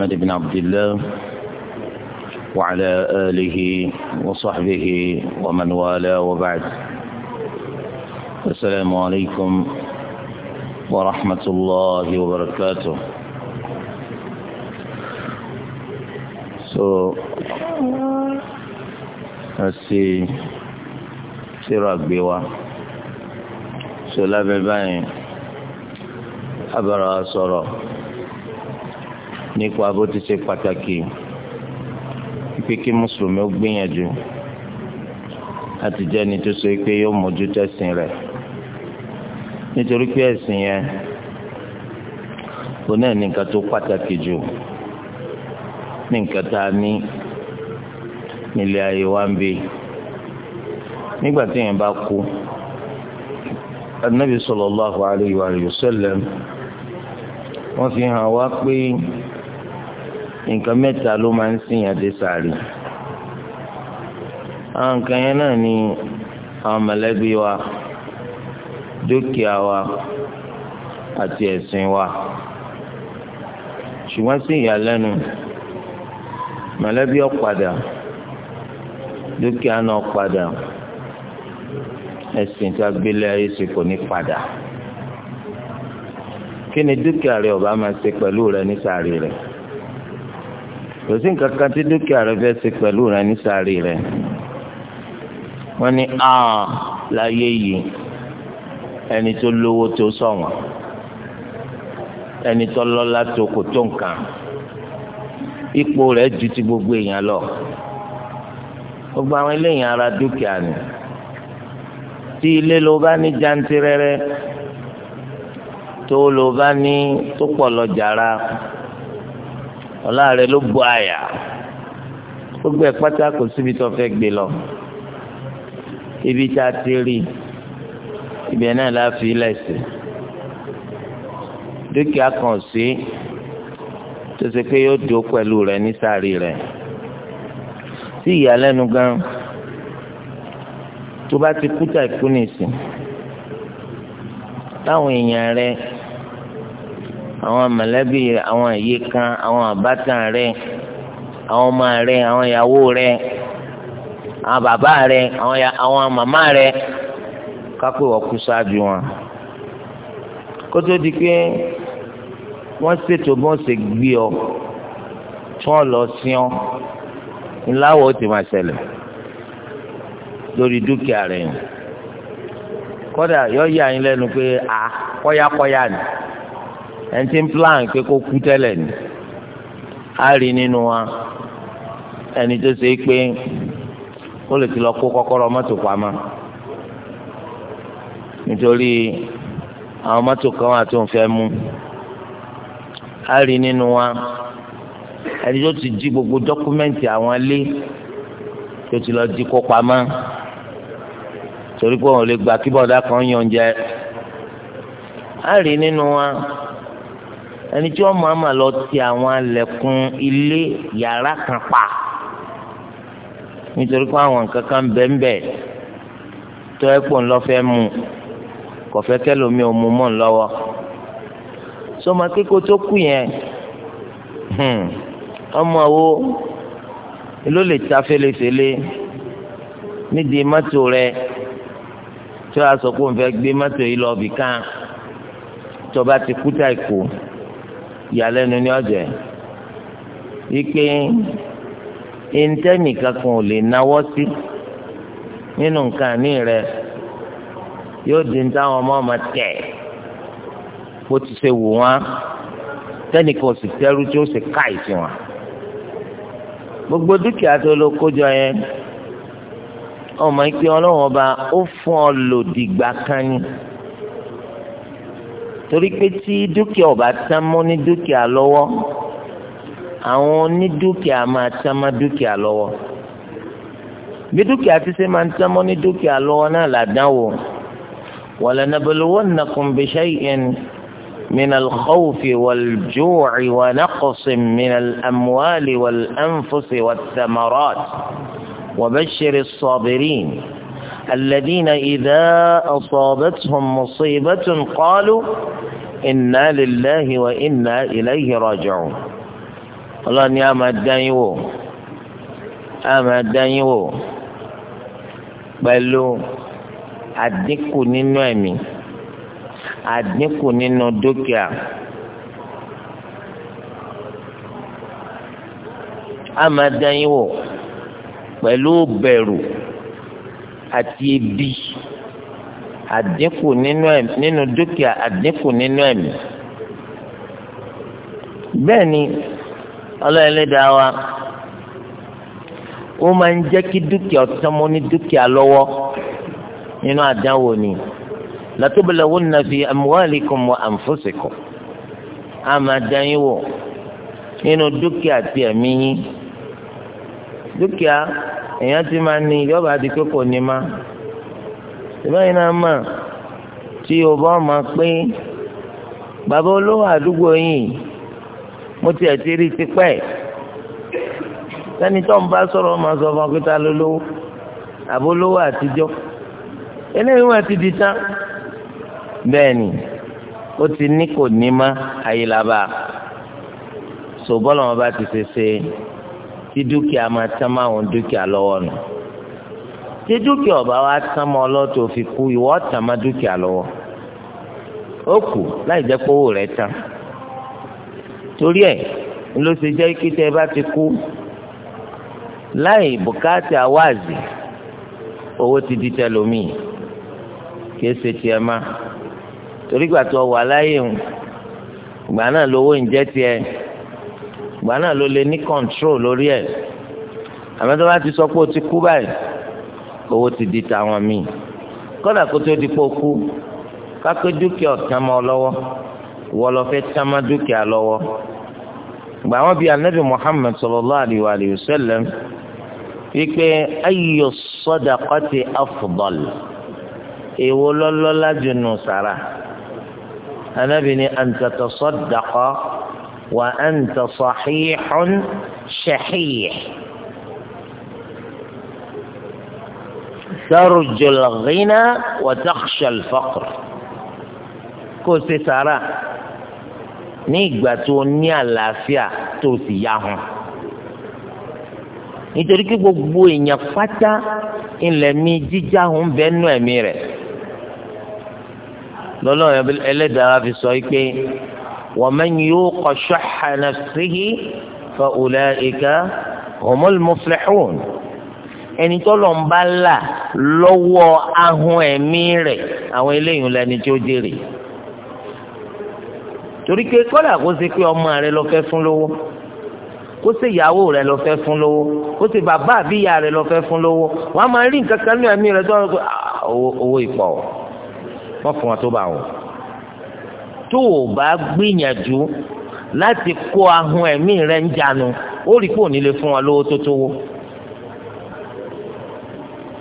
محمد بن عبد الله وعلى آله وصحبه ومن والاه وبعد السلام عليكم ورحمة الله وبركاته so asi sira gbe wa so lábẹ́ báyìí abara sọ̀rọ̀. nípa bó ti ṣe pàtàkì pé kí mùsùlùmí ó gbìyànjú láti jẹ́ ẹni tó ṣe pé yóò mójú tẹ̀sìn rẹ̀ nítorí pé ẹ̀sìn yẹn kò náà ní tó pàtàkì jù ní tá a ní nílé ayé wa ń bẹ nígbà tí bá kú anabi wa sallam nǹkan mẹ́ta ló máa ń sìn yàn dé sàárì àwọn nǹkan yẹn náà ni àwọn mọ̀lẹ́bí wa dúkìá wa àti ẹ̀sìn wa ṣùgbọ́n sí ìyàlẹ́nu mọ̀lẹ́bí ọ̀padà dúkìá náà padà ẹ̀sìn tí a gbélé ayé ṣe kò ní padà kí ni dúkìá rẹ ọba máa ṣe pẹ̀lú rẹ ní sàárì rẹ kò sí nǹkan kan tí dúkìá rẹ fẹ́ ṣe pẹ̀lú rẹ ní sáré rẹ wọ́n ní aa láyé yìí ẹni tó lówó tó ṣọ̀wọ́n ẹni tó lọ́lá tó kò tó nǹkan ipò rẹ̀ ju ti gbogbo èèyàn lọ gbogbo àwọn eléyìí ara dúkìá ni tí ilé ló bá ní jantirẹrẹ tó ló bá ní tó pọ̀ lọ jàrá ọlá rẹ ló bu àyà gbogbo ẹ̀ pátá kò síbi tó fẹ́ gbé lọ ibi tá a ti rí ibẹ̀ náà la fi lẹsẹ dúkìá kan sí tó ṣe pé yóò dúró pẹ̀lú rẹ ní sáré rẹ sí ìyàlẹ́nu gan tó bá ti kú tà kú nìsín táwọn èèyàn rẹ àwọn mọ̀lẹ́bí àwọn àyíká àwọn àbátan rẹ àwọn ọmọ rẹ àwọn ìyàwó rẹ àwọn bàbá rẹ àwọn màmá rẹ kápẹ́ wọ́n kú ṣáájú wọn. kótó di pé wọ́n ṣètò bí wọ́n ṣe gbé ọ tí wọ́n lọ sí ọ ńláwọ̀ ó ti máa ṣẹlẹ̀ lórí dúkìá rẹ̀ kódà yọ yà yín lẹ́nu pé a kọ́yákọ́yá ni ẹni tí ń plan pé kó kú tẹ́lẹ̀ ni á rí nínú wa ẹni tó ṣe é pé ó lè ti lọ kó kọ́kọ́rọ́ mọ́tò pamọ́ nítorí àwọn mọ́tò kan wà tó ń fẹ́ mú á rí nínú wa ẹni tó ti jí gbogbo dọ́kúmẹ́ǹtì àwọn ilé tó ti lọ jí kó pamọ́ torí pé òun lè gbà kí bọ́dá kan yànjẹ á rí nínú wa ẹni tí wọ́n máa ma lọ ti àwọn alẹ̀kùn ilé yàrá kan pa nítorí pé àwọn nǹkan kan bẹ́ẹ̀nbẹ́ẹ̀ tó ẹ pò ńlọ́fẹ́ mu kọ̀fẹ́ kẹlòmí ò mú mọ́ ńlọ́wọ́ sọma kíkó tó kù yẹn hmm, ọmọ wo ló lè ta fẹlẹfẹlẹ nídìí mọ́tò rẹ tí wọ́n á sọ pé òun fẹ́ gbé mọ́tò yìí lọ bìkan tó bá ti kú táìkù ìyàlẹ́nu ní ọ̀jẹ̀ wípé ìńtẹ́nìkan kan ò lè náwó sí nínú nǹkan àní rẹ yóò di táwọn ọmọ ọmọ tẹ̀ bó ti ṣe wù wọ́n tẹ́nìkan ò sì tẹ́rú tí ó sì ká ìsìn wọn. gbogbo dúkìá tó ló kójọ yẹn ọmọ ìpín ọlọ́wọ́n ọba ó fún ọ lòdìgbà kan ni torí pé tí dúkìá ò bá tán mọ́ ní dúkìá lọ́wọ́ àwọn onídúkìá máa tán mọ́ dúkìá lọ́wọ́ bí dúkìá ti ṣe máa tán mọ́ ní dúkìá lọ́wọ́ náà làdánwò ولنبلونكم بشيء من الخوف والجوع ونقص من الأموال والأنفس والثمرات وبشر الصابرين الذين إذا أصابتهم مصيبة قالوا إنا لله وإنا إليه راجعون الله يا مدنيو يا مدنيو pẹ̀lú àdínkù nínú ẹ̀mí àdínkù nínú dúkìá a máa dán yín àti ebi àdínkù nínú ẹ̀mí nínú dúkìá àdínkù nínú ẹ̀mí. bẹ́ẹ̀ ni ọlọ́ọ̀lẹ́dàá wa ó máa ń jẹ́ kí dúkìá ọ̀tọ́mọ́ ní dúkìá lọ́wọ́ nínú àdánwò ni latubulawunna fi amwalikum wa anfusikum a máa dání wò nínú dúkìá tiẹ̀ mí dúkìá èèyàn ti máa ní yọba di pé ní ma ìbáyìí náà mà tí o bá ma pé bàbá olówó àdúgbò yìí mo tiẹ̀ ti rí tipẹ́ sẹ́ni tó ń bá sọ̀rọ̀ máa sọ fún akéta lólówó àbólówó àtijọ́ eléyìí wọn ti di tán bẹ́ẹ̀ ni ó ti ní kò ní ma àyè sọ bọ́lá wọn bá ti ṣe ṣe tí dúkìá máa tán máwọn dúkìá lọ́wọ́ nù tí dúkìá ọba wa tán mọ́ ọlọ́tò fi kú ìwọ́ tán má dúkìá lọ́wọ́ ó kù láì jẹ́ pé owó rẹ̀ tán torí ẹ̀ ló ṣe jẹ́ kí tẹ́ bá ti kú láì bùkátà àwáàzì owó ti di tẹlómìí kìí ṣe tiẹ̀ má torí gbàtọ́ wà láyé ń gbà náà lówó ń jẹ́ tiẹ̀ ìgbà náà ló lè ní control lórí ẹ̀ àmọ́ tó bá ti sọ pé o ti kú báyìí owó ti di tàwọn míì kódà kó tó di pé o kú kápẹ́ dúkìá ọ̀tán mọ́ ọ lọ́wọ́ ìwọ lọ fẹ́ tán má dúkìá lọ́wọ́ gbà wọn bíi anabi Muhammad sallallahu alayhi wa alayhi wa sallam wípé ayyu sadaqati èwo lọ́lọ́lá jùnú sàrà anabi ni an tatasaddaqa. وأنت صحيح شحيح ترجو الغنى وتخشى الفقر كنت ترى sàrà ní ìgbà tó ní àlàáfíà tó sì yá hàn nítorí kí gbogbo èèyàn pátá ilẹ̀ mi jíjá hàn bẹ́nu ẹ̀mí rẹ̀ lọ́lọ́run ẹlẹ́dàá fi sọ pé. ومن يوق شح نفسه فأولئك هم المفلحون ẹni tó lọ ń bá là lọ́wọ́ ahun ẹ̀mí rẹ̀ àwọn eléyìí lẹni tó jèrè torí pé kọ́lá kó ṣe pé ọmọ rẹ lọ fẹ́ fún lówó kó ṣe ìyàwó rẹ lọ fẹ́ fún lówó kó ṣe bàbá àbí ìyá rẹ lọ fẹ́ fún lówó wàá máa rí nǹkan kan ní ẹ̀mí rẹ tó ń ah, owó ìpọ̀ wọ́n fún wọn tó bá wọn tó o bá gbìyànjú láti kó ahun ẹ̀mí rẹ ń jánu ó rí pò nílé fún wa lówó tó tówó.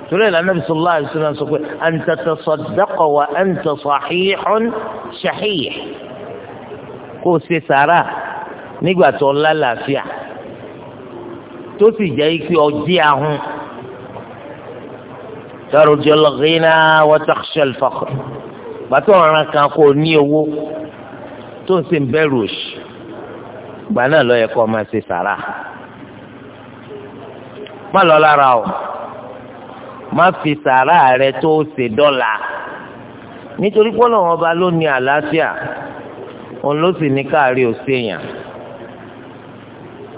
torí ẹ̀ lànà bisalòlá àdìsílẹ̀ sọ pé anta tasaddaqa wa anta sahihun shahih kó o ṣe sàrà nígbà tó lálàáfíà tó sì jẹ́ ikú ọjí ahun tarujul ghina wa takhshal faqr gbàtọ́ ọ̀ràn kan kò ní owó tó ń sìn bẹ́ẹ̀ ròṣì gbà náà ló yẹ kó máa ṣe sàrà má lọ lára o má fi sàrà rẹ tó ṣe dọ́là nítorí pé Ọlọ́run ọba ló ní àlàáfíà òun ló sì ní káàrí òṣèyàn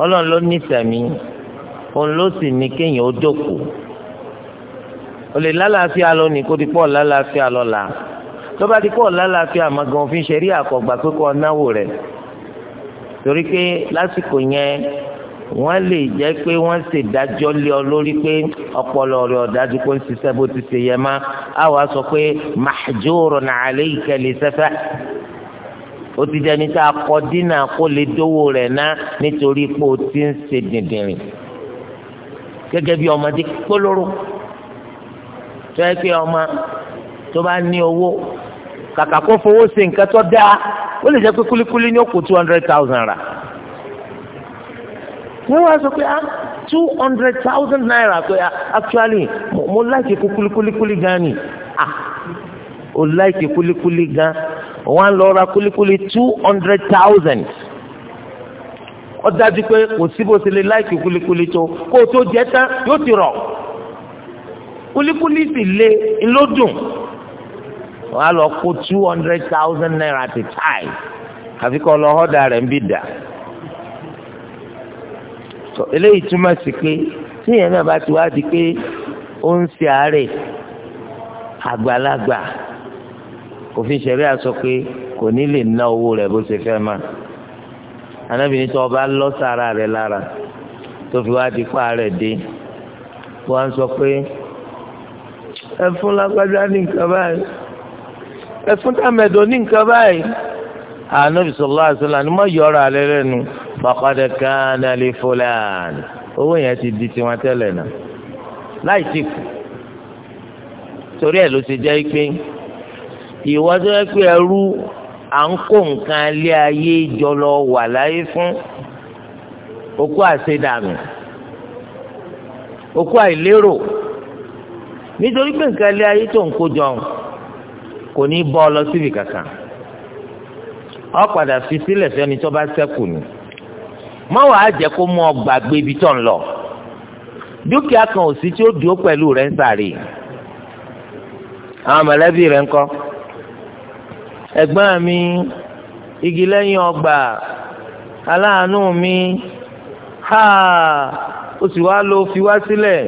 Ọlọ́run ló ní sẹ̀mí òun ló sì ní kéèyàn ó jókòó olè lálàáfíà lónìí kó dípọ̀ lálàáfíà lọ́la tó bá ti kọ́ lálàáfíà àmàgàn òfin ṣẹ̀rí àkọ́gbà pé kọ́ náwó rẹ̀ torí pé lásìkò yẹn wọ́n lè jẹ́ pé wọ́n ṣèdájọ́ lé ọ lórí pé ọpọlọ rẹ̀ ọ̀dájú pé ń ṣiṣẹ́ bó ti ṣe yẹ má a wàá sọ pé mahjurun alayka li safa ó ti dẹni tá a dínà kó lè dówó rẹ̀ ná nítorí pé o ti ń ṣe dìndìnrìn gẹ́gẹ́ bí ọmọdé kpolóró tó yẹ pé ọmọ tó bá ní owó kàkà kó fowó ṣe nǹkan tó dáa ó lè jẹ́ pé kúlíkúlí ní ó two hundred thousand rà wọ́n wá sọ pé ah two hundred thousand naira pé ah, actually mo láìkí kúlíkúlí gan ni ah o láìkí kúlíkúlí gan wọ́n á lọ ra kúlíkúlí two hundred thousand ó dájú pé kò sí bó ṣe lè láìkí kúlíkúlí tó kó o tó jẹ tán yóò ti rọ̀ kúlíkúlí sì le ló wọ́n á lọ kó two hundred thousand naira ti táì àfi kọ́ lọ họ́dà rẹ̀ ń bì dà. eléyìí túmọ̀ sí pé tí ìyẹn náà bá ti wá di pé ó ń ṣe àárẹ̀ àgbàlagbà òfin ṣẹ̀rí àsọ pé kò ní lè ná owó rẹ̀ bó ṣe fẹ́ máa anábìíní tó ọba lọ sára rẹ̀ lára tó fi wá di pa rẹ̀ dé wọ́n á sọ pé ẹ fún lágbájá ní nǹkan báyìí ẹfún tàmẹdọ ní nǹkan báyìí anabi sallallahu alaihi wasallam ni mo yọrọ alẹ lẹnu bàkàdé kan alẹ fúlàní owó yẹn ti di tiwọn tẹ́lẹ̀ náà láì sí kù torí ẹ̀ ló ti jẹ́ pé ìwọ tó yẹ pé ẹrú à ń kó nǹkan ilé ayé jọlọ wà láyé fún okú àṣedànù okú àìlérò nítorí pé nǹkan ilé ayé tó ń kó jọ kò ní bọ́ ọ lọ síbi kankan ọ padà fi sílẹ̀ fẹ́ni tó bá ṣẹ́kù ni má wàá jẹ́ kó mú ọ gbàgbé ibi tó ń lọ dúkìá kan ò sí tí ó dúró pẹ̀lú rẹ̀ ń sàrè àwọn mọ̀lẹ́bí rẹ̀ ń kọ́ ẹ̀gbọ́n mi igi lẹ́yìn ọgbà aláàánú mi ha ó sì wá lọ fi wá sílẹ̀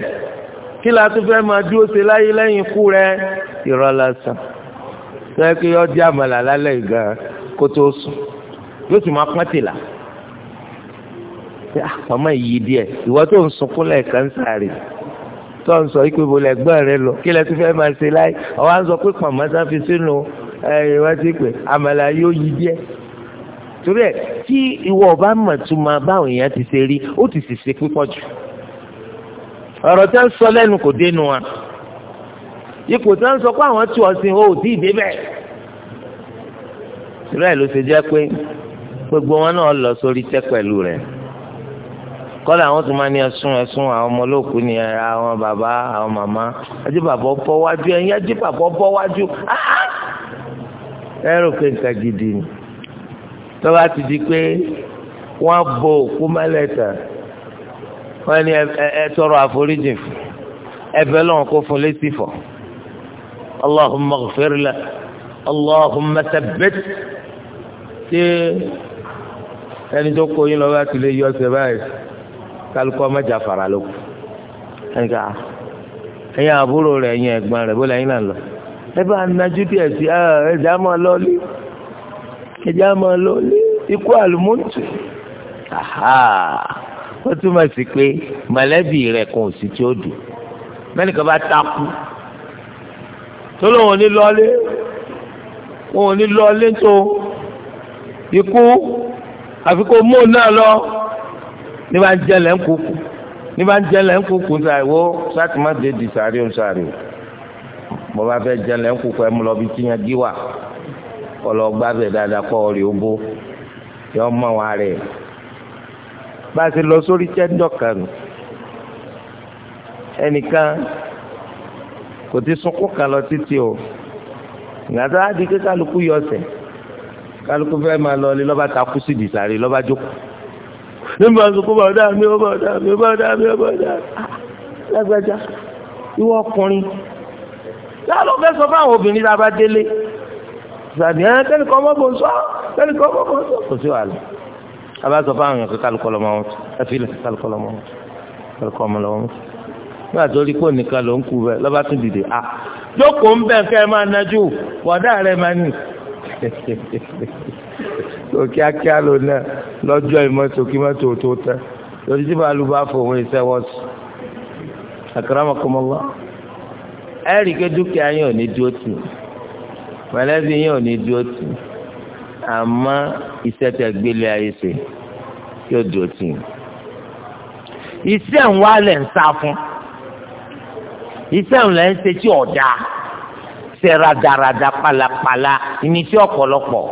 kí la tún fẹ́ máa dúró ṣe láyé lẹ́yìn ikú rẹ̀ irọ́ tó yẹ kí yọ di àmàlà lálẹ́ gan kó tó sùn yóò sì máa pọ́n tìlà ah, àpamọ́ yìí díẹ̀ ìwọ tó ń sunkún lẹ́ẹ̀kan sáré tó ń sọ ikú ibo lẹ́gbọ́n rẹ lọ kí lẹ tún fẹ́ máa ṣe láì ọ̀wá ń sọ pé pàmò sáfi sínú ẹ̀yìn wá sí pé àmàlà yóò yí díẹ̀ torí ẹ̀ tí ìwọ ọba mọ̀ tún máa báwọn èèyàn ti ṣe rí ó ti sì ṣe pípọ̀ jù ọ̀rọ̀ tẹ́ ń sọ lẹ́nu kò dénú wa ipò tí wọ́n sọ pé àwọn tí wọ́n sin o ò tí ì débẹ̀. ìrẹ́ ló ṣe jẹ́ pé gbogbo wọn náà lọ sórí tẹ́ pẹ̀lú rẹ̀ kọ́lá àwọn tó máa ní ẹ̀sùn ẹ̀sùn àwọn ọmọ olóòkú ni àwọn bàbá àwọn màmá ajé bàbá bọ́ wájú ẹ̀yìn ajé bàbá bọ́ wájú ẹ rò pé nǹkan gidi ni tó bá ti di pé wọ́n bo òkú mẹ́lẹ̀ta wọ́n ní ẹ tọrọ àforíjì ẹ̀bẹ̀ lọ́wọ́ kó fún létí fọ̀ allahumma ghfir la allahumma thabbit ṣé ẹni tó kó yín lọ bá ti lè yọ ọsẹ báyìí kálukọ́ mẹ́jà fara ló kù ẹ̀ka ẹ̀yin àbúrò rẹ̀ ẹ̀yin ẹ̀gbọ́n rẹ̀ bó lẹ́yìn náà lọ ẹ bá nájú díẹ̀ sí ah, ẹ̀já máa lọ lé ẹ̀já máa lọ lé ikú àlùmọ́tò ó túmọ̀ sí pé mọ̀lẹ́bí rẹ̀ kò sí tí ó dùn mẹ́nìkan bá takú tó lóun ò ní lọ́lé wọn ò ní lọ́lé tó ikú àfi kó mú náà lọ ní bá ń jẹlẹ̀ ń kúkú ní bá ń jẹlẹ̀ ń kúkú sáré wo sáàtì má dé di sáré ń sáré o mo bá fẹ́ jẹlẹ̀ ń kúkú ẹ mú lọ bí tíyan gí wà kọlọ gbàgbé dáadáa kọ ọrẹ ogbó yọ mọ wọn rẹ bá a ti lọ sórí tẹ́ńdọ̀ kan ẹnìkan kò ti sunkún kan lọ títí o ìgbàdá adi pé kálukú yọ ọsẹ kálukú fẹ́ máa lọ ilé lọ́ba takú sí ìdìsáré lọ́ba jókòó nígbà sunkún bá dá mi bá dá mi bá dá mi bá dá ah, lágbájá ìwọ ọkùnrin láàlú fẹ́ sọ fáwọn obìnrin tá a bá délé sàbí ẹ kẹ́nìkan ọmọ bò ń sọ kẹ́nìkan ọmọ bò sọ kò sí wàhálà a bá sọ fáwọn èèyàn pé kálukọ́ lọ́mọ wọn ẹ fi ilẹ̀ kálukọ́ lọ́mọ wọn kálukọ́ ọmọ lọ́mọ wọn nígbà tó rí pò nìkan ló ń kú bẹ́ẹ̀ lọ́ba tún dìde à jókòó ń bẹ̀ kẹ́ ẹ máa nájú wọ̀dá rẹ̀ máa nì tó kíákíá ló náà lọ́jọ́ ìmọ̀tò kí mọ́tò tó tẹ́ lórí tí bàálù bá fòun iṣẹ́ wọ́sù àkàràmọ̀kọ́mọ́lá ẹ̀rí ké dúkìá yín ò ní dúró tì mọ̀lẹ́bí yín ò ní dúró tì àmọ́ iṣẹ́ tẹ gbélé ayé ṣe yóò dúró tì iṣẹ́ ń wálẹ̀ ń sá fún iṣẹ́ òun lẹ́ ń ṣe tí ọ̀dà ṣe radarada palapala ìníṣẹ́ ọ̀pọ̀lọpọ̀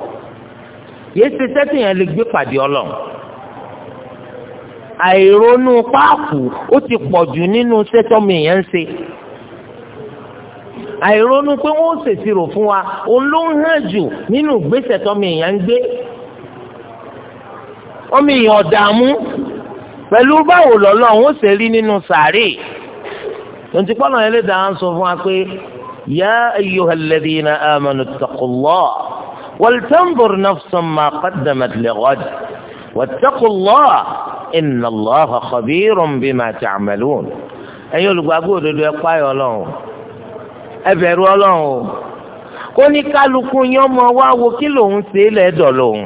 yìí ṣe sẹ́tì yẹn lè gbé pàdé ọlọ́run àìrónú páàpù ó ti pọ̀ jù nínú sẹ́tọ́mì yẹn ń ṣe àìrónú pé wọ́n ṣèṣirò fún wa òun ló ń hàn jù nínú ìgbésẹ̀ tọ́mì yẹn ń gbé ọmọ èèyàn ọ̀dààmú pẹ̀lú báwo lọ́lọ́run ó ṣe rí nínú sàárè tonti kpọnà yẹn lè dàn án sọ fún wa pé yá ayyuhal ladhina amanu taqullah wal tanzur nafsan ma qaddamat lighad wattaqullah inna allaha khabirun bima ta'malun ẹ̀yin olùgbàgbọ́ òdodo ẹ páyọ Ọlọ́run ẹ bẹ̀rù Ọlọ́run o kó ní kálukú yín ọmọ wo kí lòun ṣe é lẹ́dọ̀ lòun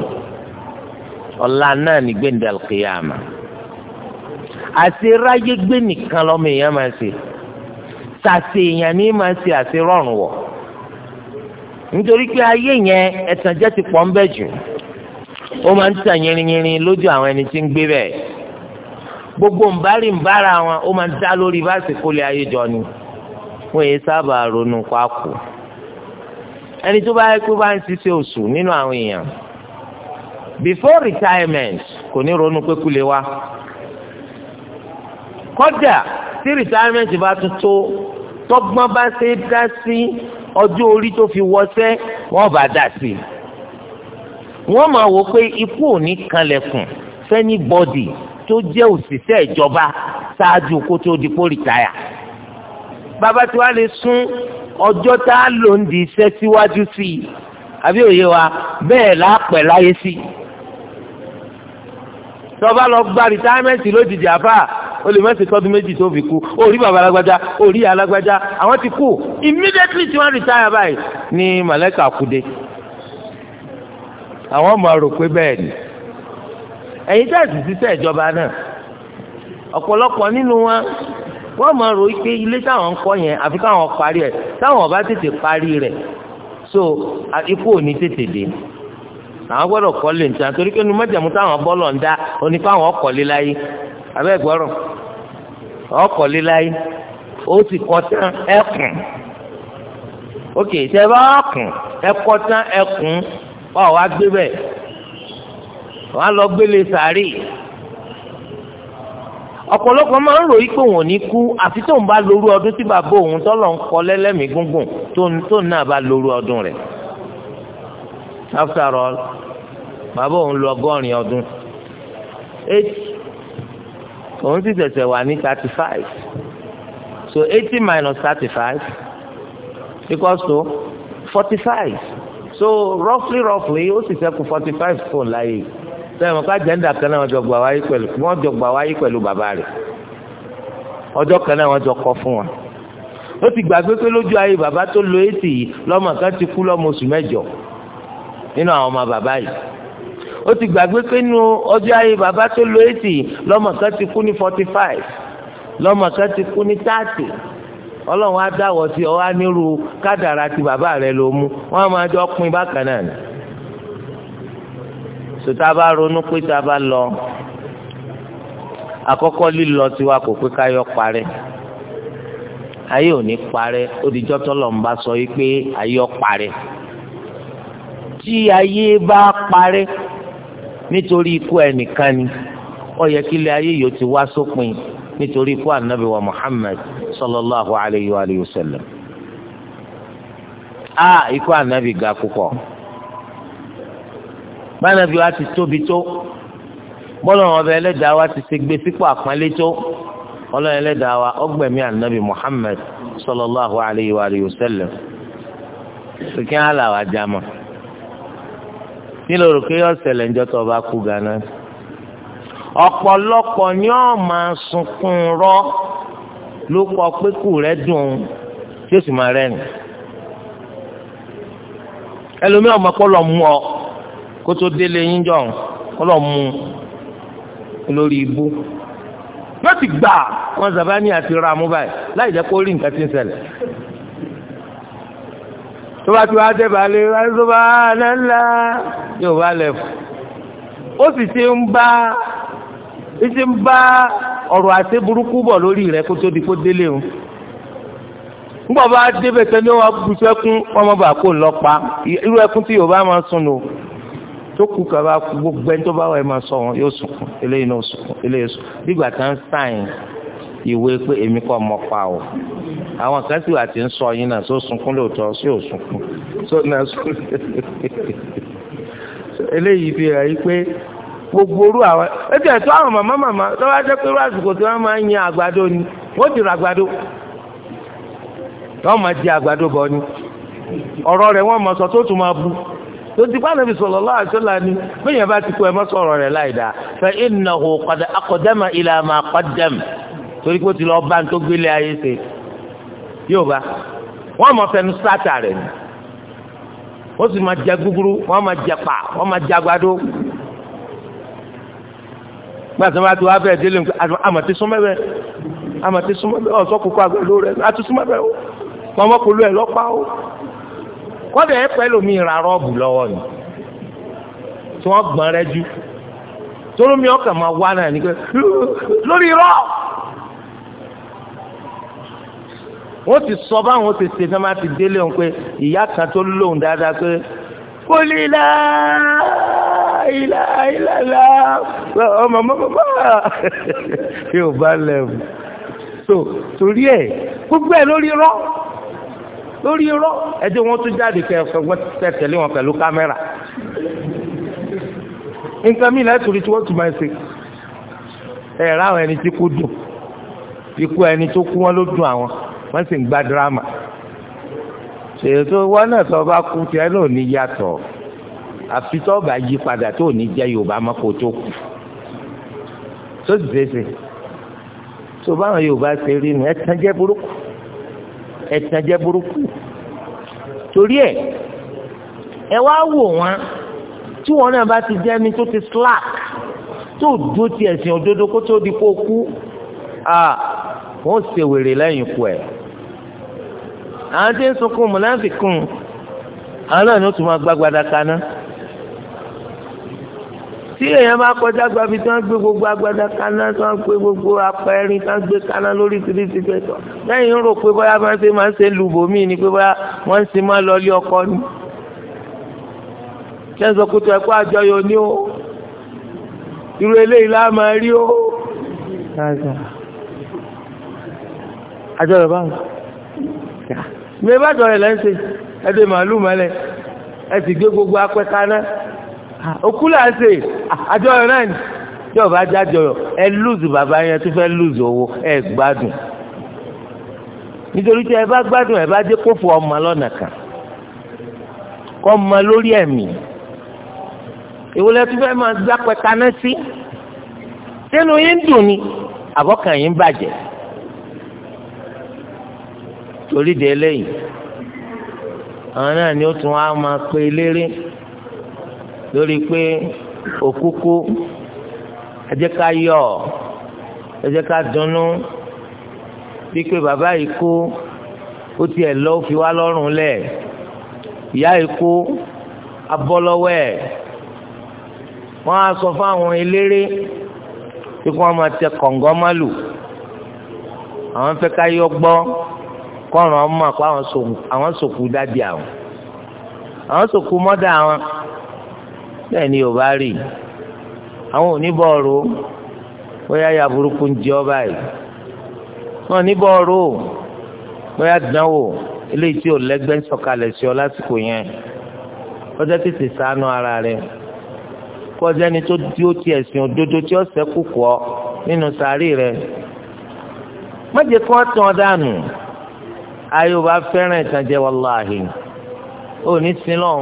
ọ̀la náà ní gbẹ̀ndàlùkìyàmà àti ráyé gbé lọ́mọ èèyàn máa ṣe àtàsè èèyàn ní máa ṣe àṣerọrùn wọ nítorí pé ayé yẹn ẹ̀tànjẹ ti pọ̀ ń bẹ̀ jù ó máa ń tàn yìnrìnyìnrìn lójú àwọn ẹni tí ń gbé bẹ́ẹ̀ gbogbo nbari nbara wọn ó máa ń dá lórí báàsì kólé ayé jọ ni wọn èyí sábà ronú pákó ẹni tó bá yẹ kó bá ń ṣiṣẹ́ oṣù nínú àwọn èèyàn before retirement kò ní ronú pé kúlẹ̀ wá kọ́dà tí retirement bá tún tó tọ́gbọ́n bá ṣe dá sí ọjọ́ orí tó fi wọṣẹ́ wọ́n bá dá sí i wọ́n máa wò pé ikú ò ní kanlẹ̀kùn fẹ́ni bọ́dì tó jẹ́ òṣìṣẹ́ ìjọba ṣáájú kó tó di pó rìtáyà bàbá tí wàá lè sún ọjọ́ tá a lò ń di iṣẹ́ síwájú sí i àbí òye wa bẹ́ẹ̀ láàpẹ̀ láyé sí i tọ́ba lọ gba rìtáyàmẹ́ǹtì lójijì àbá o lè mẹ́sì tọ́dún méjì tó fi kú orí bàbá alágbájá orí alágbájá àwọn ti kú immediately tí wọ́n retire báyìí ni màlẹ́kà kúde àwọn ọmọ rò pé bẹ́ẹ̀ ni ẹ̀yin tá àti sísẹ́ ìjọba náà ọ̀pọ̀lọpọ̀ nínú wọn wọ́n máa rò pé ilé táwọn ń kọ́ yẹn àfi káwọn parí ẹ̀ táwọn ọba tètè parí rẹ̀ so ikú ò ní tètè dé àwọn gbọ́dọ̀ kọ́lé nìkan torí pé nu mẹ́jẹ̀mú táwọn bọ́ọ̀lù ń dá onífàwọn ọkọ̀lé láyé abẹ́ gbọ́rọ̀ ọkọ̀léláyé ó sì kọ́ tán ẹkùn ok tẹ bá ọkùn ẹkọ ẹkùn ọ wá gbé bẹ́ẹ̀ lọ gbélé sàárì ọ̀pọ̀lọpọ̀ máa ń ròyìn pé òun ò ní kú àfi tóun bá lóru ọdún tí bàbá òun tọ́lọ̀ ń kọ lẹ́lẹ́mìí gúngùn tóun náà bá lóru ọdún rẹ̀ after all bàbá òun lọ ọgọ́rin ọdún òun ti tẹ̀sẹ̀ wà ní thirty five so eighty minus thirty five equals to forty five so roughly roughly ó sì ṣẹ́kù forty five fún láyé sẹ́yìn ká jẹ́ńdà kan náà wọ́n jọ gbà wáyé pẹ̀lú wọ́n jọ gbà wáyé pẹ̀lú bàbá rẹ̀ ọjọ́ kan náà wọ́n jọ kọ́ fún wọn ó ti gbàgbé pé lójú ayé bàbá tó lo eighty yìí lọ́mọ kan ti kú lọ́mọ oṣù mẹ́jọ nínú àwọn ọmọ bàbá yìí ó ti gbàgbé pé nínú ọjọ́ ayé bàbá tó lo eighty lọ́mọ kan ti kú ní forty five lọ́mọ kan ti kú ní thirty ọlọ́run á dáwọ́ sí ọ wá nírú kádàrá ti bàbá rẹ ló mú wọ́n á máa jọ pín bákan náà ni. sòtá bá ronú pé tá a bá lọ àkọ́kọ́ lílọ tiwa kò pé ká parẹ́ ayé ò parẹ́ odijọ́ tọ́lọ̀ ń bá sọ yìí pé ayé parẹ́ tí ayé bá parẹ́ nítorí ikú ẹnìkan ni ó kí ayé yóò ti wá sópin nítorí ikú ànábì wa Muhammad sallallahu alayhi wa wa sallam a ikú ànábì ga púpọ̀ bánabi wa ti tóbi tó bọ́lá ọ̀bẹ ẹlẹ́dàá wa ti ṣe gbé sípò àpọ́nlé tó ọlọ́run ẹlẹ́dàá wa ọgbẹ̀mí ànábì sallallahu alayhi wa wa sallam nílò rò pé ọ̀sẹ̀lẹ̀ ńjọ́ tó bá kú gánà. ọ̀pọ̀lọpọ̀ ni ó máa sunkún rọ́ ló kọ pé kù rẹ̀ dùn tí ó sì máa rẹ́rìn. ẹlòmíràn ọmọ kọ́ lọ mú ọ kó tó délé yín jọ̀ kọ́ lọ mú lórí ibú wọ́n ti gbà wọ́n Zabani àti Ramu báyìí láì jẹ́ kó rí nǹkan tí ń ṣẹlẹ̀ tó bá ti wá dẹ́balẹ̀ tó bá lẹ́la yóò bá lẹ̀ fún. ó sì ti ń bá ó ti ń bá ọ̀rọ̀ àti burúkú bọ̀ lórí rẹ̀ kó tó di kó délé o. nígbà bá débẹ̀ tẹ́ ní wọn bu sẹ́kún wọn mọ̀ kó lọ pa irú ẹkún tí Yorùbá máa sùn nù tó kù kàbá gbogbo ẹni tó bá wà ẹ máa sọ wọn yóò sùn eléyìí náà sùn eléyìí sùn bí ìgbà tá ń ìwé pé èmi kọ́ mọ pa o àwọn kan sì wà tí ń sọ yín náà só sunkún lóòótọ́ sí ò sunkún náà sún eléyìí fi hàn pé gbogbo orú àwọn ètò ẹ̀tọ́ àwọn màmá màmá lọ́wọ́ jẹ́ pé lásìkò tí wọ́n máa ń yan àgbàdo ni wọ́n ti ra àgbàdo wọ́n máa di àgbàdo bọ̀ ni ọ̀rọ̀ rẹ̀ wọ́n máa sọ tó tún máa bu lótí bá nàbì ni bẹ́ẹ̀ yẹn bá ti kú sọ̀rọ̀ rẹ̀ láì dáa torí pé ó ti lọ bá ní tó gbélé ayé ṣe yóò bá wọn mọ fẹnu sáta rẹ ni ó sì máa jẹ gúgúrú wọn máa jẹ pa wọn máa jẹ àgbàdo gbàtí wọn bá ti wá bẹ́ẹ̀ délé nǹkan àmọtí súnmẹbẹ àmọtí súnmẹbẹ ọsọ kókó àgbàdo rẹ àti súnmẹbẹ o mọmọ kò lu ẹ lọpàá o kọdà ẹ pẹ̀lú mi ra rọọbù lọ́wọ́ ni tí wọn gbọn rẹ jù torí mi ọkàn máa wá náà ní pé lórí rọọbù. wọ́n ti sọ báwọn ti ṣe fẹ́ máa ti délé òun pé ìyá kan tó lóun dáadáa pé kò lè la ilà ilà la ọmọ mọ́mọ́mọ́ yóò bá lẹ́wù so torí ẹ̀ gbogbo ẹ̀ lórí rọ́ lórí irọ́ ẹjọ́ wọn tún jáde kẹfẹ́ tẹ̀lé wọn pẹ̀lú kámẹ́rà nǹkan mi láti rí tí wọ́n tún máa ṣe ẹ̀ ráwọn ẹni tí kú dùn ikú ẹni tó kú wọn ló dùn àwọn wọ́n sì ń gba dírámà ṣètò wọn náà tó bá kú tiẹ̀ náà ní yàtọ̀ àfi tó bá yí padà tó ní jẹ́ yorùbá mọ́kò tó kù tó sì fèsì tó báwọn yorùbá ṣe rí nu ẹ̀tàn jẹ́ burúkú ẹ̀tàn jẹ́ burúkú torí ẹ̀ ẹ wá wò wọn tí wọn náà bá ti jẹ́ ní tó ti slack tó dúró ti ẹ̀sìn òdodo kó tó di kó kú wọn ò ṣèwèrè lẹ́yìn ikú ẹ̀ àwọn tí ń sunkún mùnáfìkún àwọn náà ni ó tún máa gbàgbàdà kaná tí èèyàn bá kọjá gbabi tí wọ́n gbé gbogbo agbada kaná tí wọ́n gbé gbogbo apẹ̀rin tí wọ́n gbé kaná lórí tìrìtì tẹ̀tọ̀ lẹ́yìn ń rò pé bóyá máa ń ṣe máa ń ṣe lu bòmí ni pé bóyá wọ́n ń ṣe máa lọ lé ọkọ ni. kẹ́sọ̀ kutu ẹ̀kọ́ àjọyọ̀ ni ó irú eléyìí lá máa rí ó. àjọyọ̀ báwo ìgbé ìbàdàn rẹ̀ lẹ́sẹ̀ ẹ̀dẹ̀ màálù mọ́lẹ̀ ẹ sì gbé gbogbo apẹ́ kaná òkú là ń ṣe àjọyọ̀ náà ni tí ọba jájọyọ̀ ẹ lùzù bàbá yẹn tó fẹ́ lùzù owó ẹ gbádùn nítorí tí ẹ bá gbádùn ẹ bá dé kófò ọmọ lọ́nà kan kọ́ ọmọ lórí ẹ̀mí ìwọlẹ̀ tó fẹ́ máa gbá pẹ́ kaná sí sínú yín dùn ni àbọ̀kàn yín bàjẹ́ torí de eléyìí àwọn náà ni ó tún wá máa pe eléré lórí pé òkúkú ẹ jẹ́ ká yọ̀ ẹ jẹ́ ká dunnú bí pé bàbá yìí kú ó tiẹ̀ lọ ó fi wá lọ́rùn lẹ̀ ìyá yìí kú abọ́lọ́wọ́ ẹ̀ wọ́n á sọ fáwọn eléré bí wọ́n máa tẹ kọ̀ǹgọ́ málù àwọn fẹ́ ká yọ gbọ́ kọ́ràn ọmọ àpò àwọn sòkú dádì àwọn àwọn sòkú mọ́dà àwọn bẹ́ẹ̀ ni yorùbá rí àwọn oníbọ̀ọ̀rọ̀ bóyá ya burúkú ń jẹ ọba yìí wọn oníbọ̀ọ̀rọ̀ bóyá dánwò eléyìí tí ò lẹ́gbẹ́ ń sọ̀kalẹ̀ sí ọ lásìkò yẹn kọjá tètè ṣàánú ara rẹ kọjá ni tó di ó ti ẹ̀sìn òdodo tí ó sẹ́kù kọ́ nínú sàárì rẹ má jẹ́ kó tán dànù ayọba fẹ́ràn ìtànjẹ wàláhì ó ní sílọ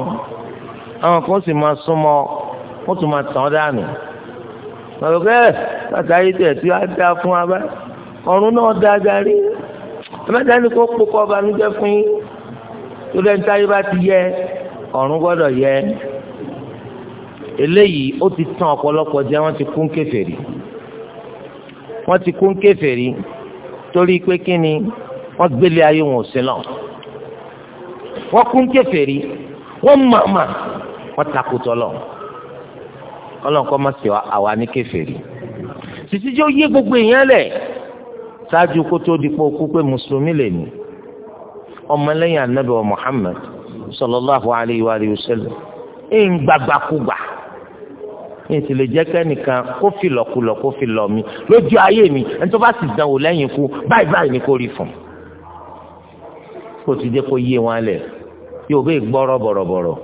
àwọn kan sì máa súnmọ́ wọn tún máa tàn dànù ọ̀rọ̀kẹ́ eh, bàtà yìí tẹ̀ tí wàá dá fún abá ọ̀run náà dá darí ẹ̀mẹ́ta ni kò kókó ọbànújẹ́ fún yín tó dẹ́ni táyé bá ti yẹ ọ̀run gbọ́dọ̀ yẹ eléyìí ó ti tàn ọ̀pọ̀lọpọ̀ jẹ́ wọ́n ti kún kèfèrí wọ́n ti kún kèfèrí torí pé kí ni wọ́n gbélé ayé wọn ò sí lọ wọ́n kún kèfèrí wọ́n mọ̀ọ́mọ̀ wọ́n takùtọ̀ lọ ọlọ́nkọ́ má sì àwa ní kèfèrí títí jẹ́ oyé gbogbo èèyàn lẹ̀ ṣáájú kó tó di pé okú pé mùsùlùmí lè ní ọmọlẹ́yìn anabi wa Muhammad sallallahu alayhi wa sallam ń gbàgbàkúgbà ní ìsìlè jẹ́ kẹ́nìkan kó fi lọ́kulọ̀ kó fi lọ́ mi lójú ayé mi ẹni tó bá sì dánwò lẹ́yìn ikú báyìí báyìí ni kò rí fún un kó ti jẹ́ kó yé wọn lẹ̀ yóò bẹ́ẹ̀ gbọ́rọ̀ bọ̀rọ̀bọ̀rọ̀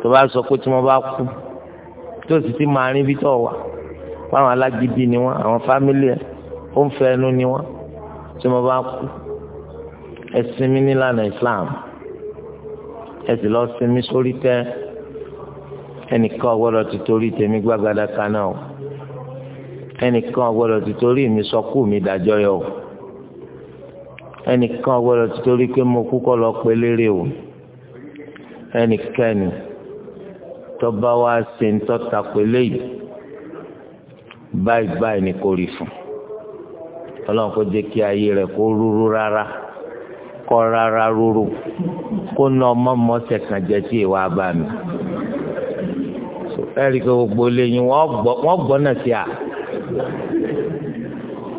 tó bá sọ pé tí wọ́n bá kú tó sì ti máa rí bítọ̀ wà fáwọn alágídí ni wọ́n àwọn fámílì ẹ̀ ó ń fẹ́ ni wọ́n tí wọ́n bá kú ẹ̀sìn mi nílànà Islam ẹsì lọ sinmi sórí tẹ ẹnìkan ọgbọ́dọ̀ ti torí tèmi gbàgàdà kaná o ẹnìkan ọgbọ́dọ̀ ti torí mi sọkú mi dájọ́ yọ o ẹnìkan ọgbọ́dọ̀ ti torí pé mo kúkọ lọ pé lérè o ẹnìkẹ́ni tọba wa ṣe ń tọ́ta pé léyìí báyìí báyìí ni kò rí fún ọlọ́run kò jẹ́ kí ayé rẹ̀ kó rúru rárá kọ́ rárá rúru kó ná ọmọọmọ sẹ̀kàn jẹ́ tí ìwà bá mi ẹ̀rí kò gbogbo lẹ́yìn wọ́n gbọ́ náà sí à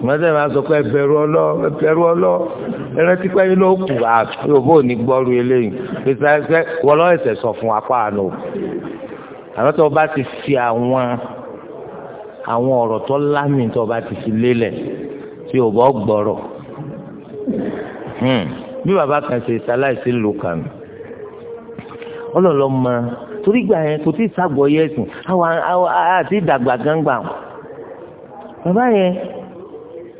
mọ́tẹ́ máa sọ pé ẹ̀bẹ̀rù ọlọ́ ẹ̀bẹ̀rù ọlọ́ ẹrántí pé yín ló kù á yòówó ní gbọ́rú eléyìí pèsè wọ́n lọ́ ẹ̀sẹ̀ sọ fún apá àná àwọn tó bá ti fi àwọn àwọn ọ̀rọ̀ tó lámì tó bá ti fi lélẹ̀ tí ò bọ́ gbọ́rọ̀ hmm. bí bàbá kan ṣe ṣaláìsí lù kàn ọlọ́lọ́ mọ torí gbà yẹn kò tí ì sàgbọ́ yẹ ẹ̀sìn àwọn àti ìdàgbà gángbà bàbá yẹn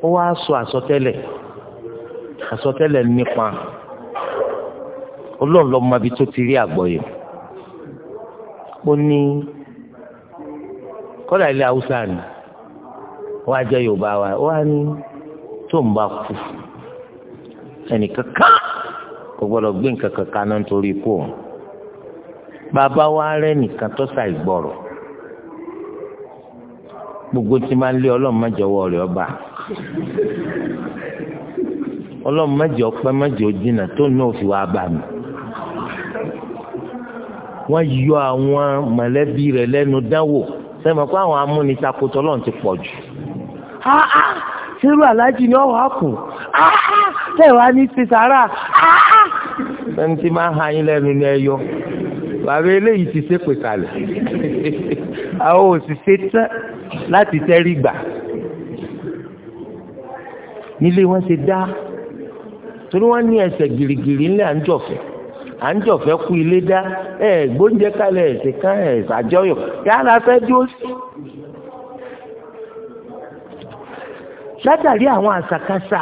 ó wá sọ àsọtẹ́lẹ̀. So àsọtẹ́lẹ̀ nípa Ọlọ́run ló mọ ibi tó ti rí àgbọ́yé ó ní kọ́dà ilé haúsá ni wọ́n á jẹ́ yorùbá wa wọ́n á ní tó ń bá kú ẹnìkan kan kò gbọ́dọ̀ gbé nǹkan kan kaná nítorí ikú òun bàbá wa rẹ nìkan tó sà ìgbọ̀rọ̀ gbogbo tí máa ń lé ọlọ́run má jọ̀wọ́ ọba ọlọ́run mẹ́jọ pẹ́ mẹ́jọ jìnnà tó ní òfin wa bá mi. wọ́n yọ àwọn mọ̀lẹ́bí rẹ̀ lẹ́nu dánwò sẹ́mi pé àwọn amúnitakotọ́ ọlọ́run ti pọ̀ jù. sírú aláàjì ni ọ̀hún àkù tẹ̀wá ní ti sàrà. sẹ́ni tí máa ń ha yín lẹ́nu ni ẹ yọ bàbá eléyìí ti ṣépè kalẹ̀ àwọn òṣìṣẹ́ tán láti tẹ́rí gbà nílé wọn ṣe dá torí wọ́n ní ẹsẹ̀ gìrìgìrì ńlẹ̀ à ń jọ̀fẹ́ à ń jọ̀fẹ́ kú ilé dá ẹ̀ gbóúnjẹ kalẹ̀ ẹ̀sẹ̀ ká ẹ̀sẹ̀ àjọyọ̀ yàrá fẹ́ dúró sí. látàrí àwọn àṣàkáṣà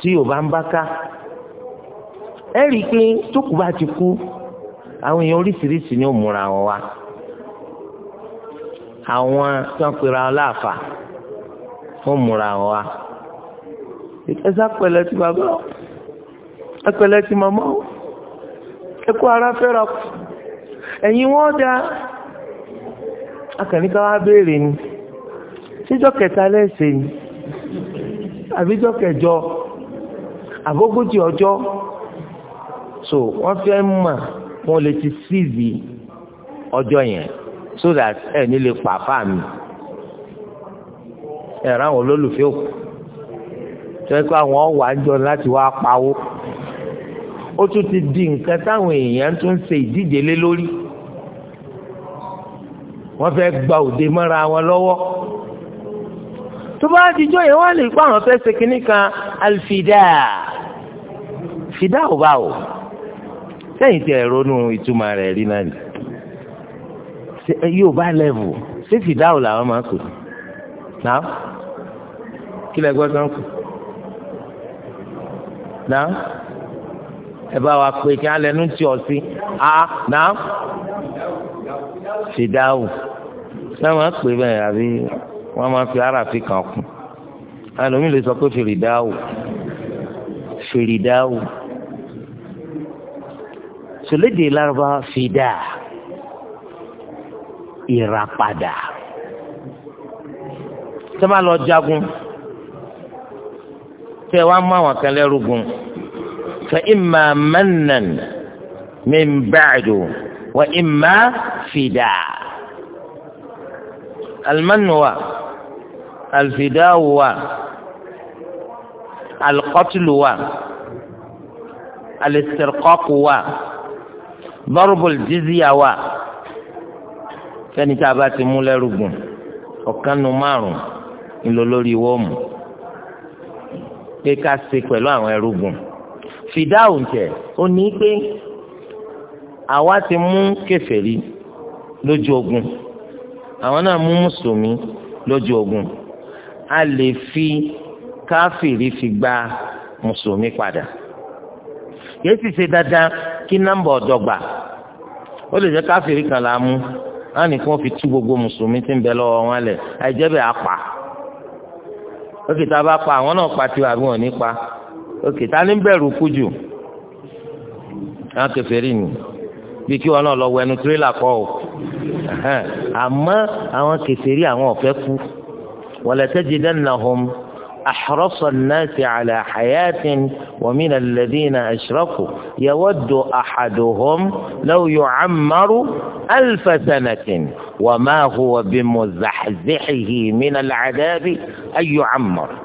tí Yorùbá ń bá ká ẹ rí i pé tókù bá ti kú àwọn èèyàn oríṣiríṣi ni ó múra wọn wá àwọn tó ń pera wọn láàfà ó múra wọn wá ẹ tí bàbá ẹpẹ̀lẹ́ ti mọ̀mọ́ ẹkú ara fẹ́ra ẹ̀yìn wọ́n dá akànníká wá béèrè ni síjọ́ kẹta lẹ́sẹ̀ ni àbíjọ́ kẹjọ àgógójì ọjọ́ so wọ́n fẹ́ mọ̀ wọ́n lè ti síìzì ọjọ́ yẹn so that ẹ nílé pàápàá mi ẹ̀rọ àwọn olólùfẹ́ òkú tẹ́ pé àwọn wà ń jọ láti wá pawó ó tún ti di nǹkan táwọn èèyàn tún ń ṣe ìdíje lé lórí wọ́n fẹ́ gba òde mọ́ra wọn lọ́wọ́ tó bá dijọ́ yẹn wọ́n lè pa àwọn fẹ́ ṣe kínní kan alfidà fidà ò bá o sẹ́yìn tí ẹ ronú ìtumọ̀ rẹ̀ rí náà ni yóò bá lẹ́vù ṣé fidà ò làwọn máa kù náà kí lẹ gbọ́dọ̀ kù náà ẹ bá wa pé kí alẹ́ nu ti ọ̀ sí a nà fìdáwù ṣé wọ́n pè bẹ́ẹ̀ àbí wọ́n máa fi aráàfin kan kún ẹlòmíì lè sọ pé fìrìdáwù fìrìdáwù sọlédè lárúbá fìdá ìràpadà tẹ́ bá lọ jagun tẹ́ wàá mú àwọn kan lẹ́rú gun. فإما منا من بعد وإما فداء المن هو الفداء هو القتل هو الاسترقاق هو ضرب الجزية هو فني تابات مولا رجل وكانوا مارون إلو لوري ووم كيكاسي كويلو عن رجل fìdáhùn jẹ ó ní pé àwa ti mú kèfèrí lójú ogun àwọn náà mú mùsùlùmí lójú ogun a lè fi káfìrí fi gba mùsùlùmí padà yéé sì ṣe dandan kí nọ́mbà ọ̀dọ́gba ó lè jẹ́ káfìrí kan la mú wọn ni kí wọ́n fi tú gbogbo mùsùlùmí tí ń bẹ lọ́wọ́ wọn lẹ̀ àìjẹ́ bẹ́ẹ̀ á pa ó kì ta bá pa àwọn náà pa tiwa àbí wọn ní pa òkè ta ni bẹ̀rù kú jù àwọn kèfèrí ni bí kí wọn náà lọ wẹnu tirẹ́là kọ́ o àmọ́ àwọn kèfèrí àwọn ọ̀fẹ́ kú ti àlẹ́ wọ́mí na wala tajidannahum أحرص الناس على حياة ومن الذين أشركوا يود أحدهم لو يعمر ألف سنة وما هو بمزحزحه من العذاب ayò àmàrú.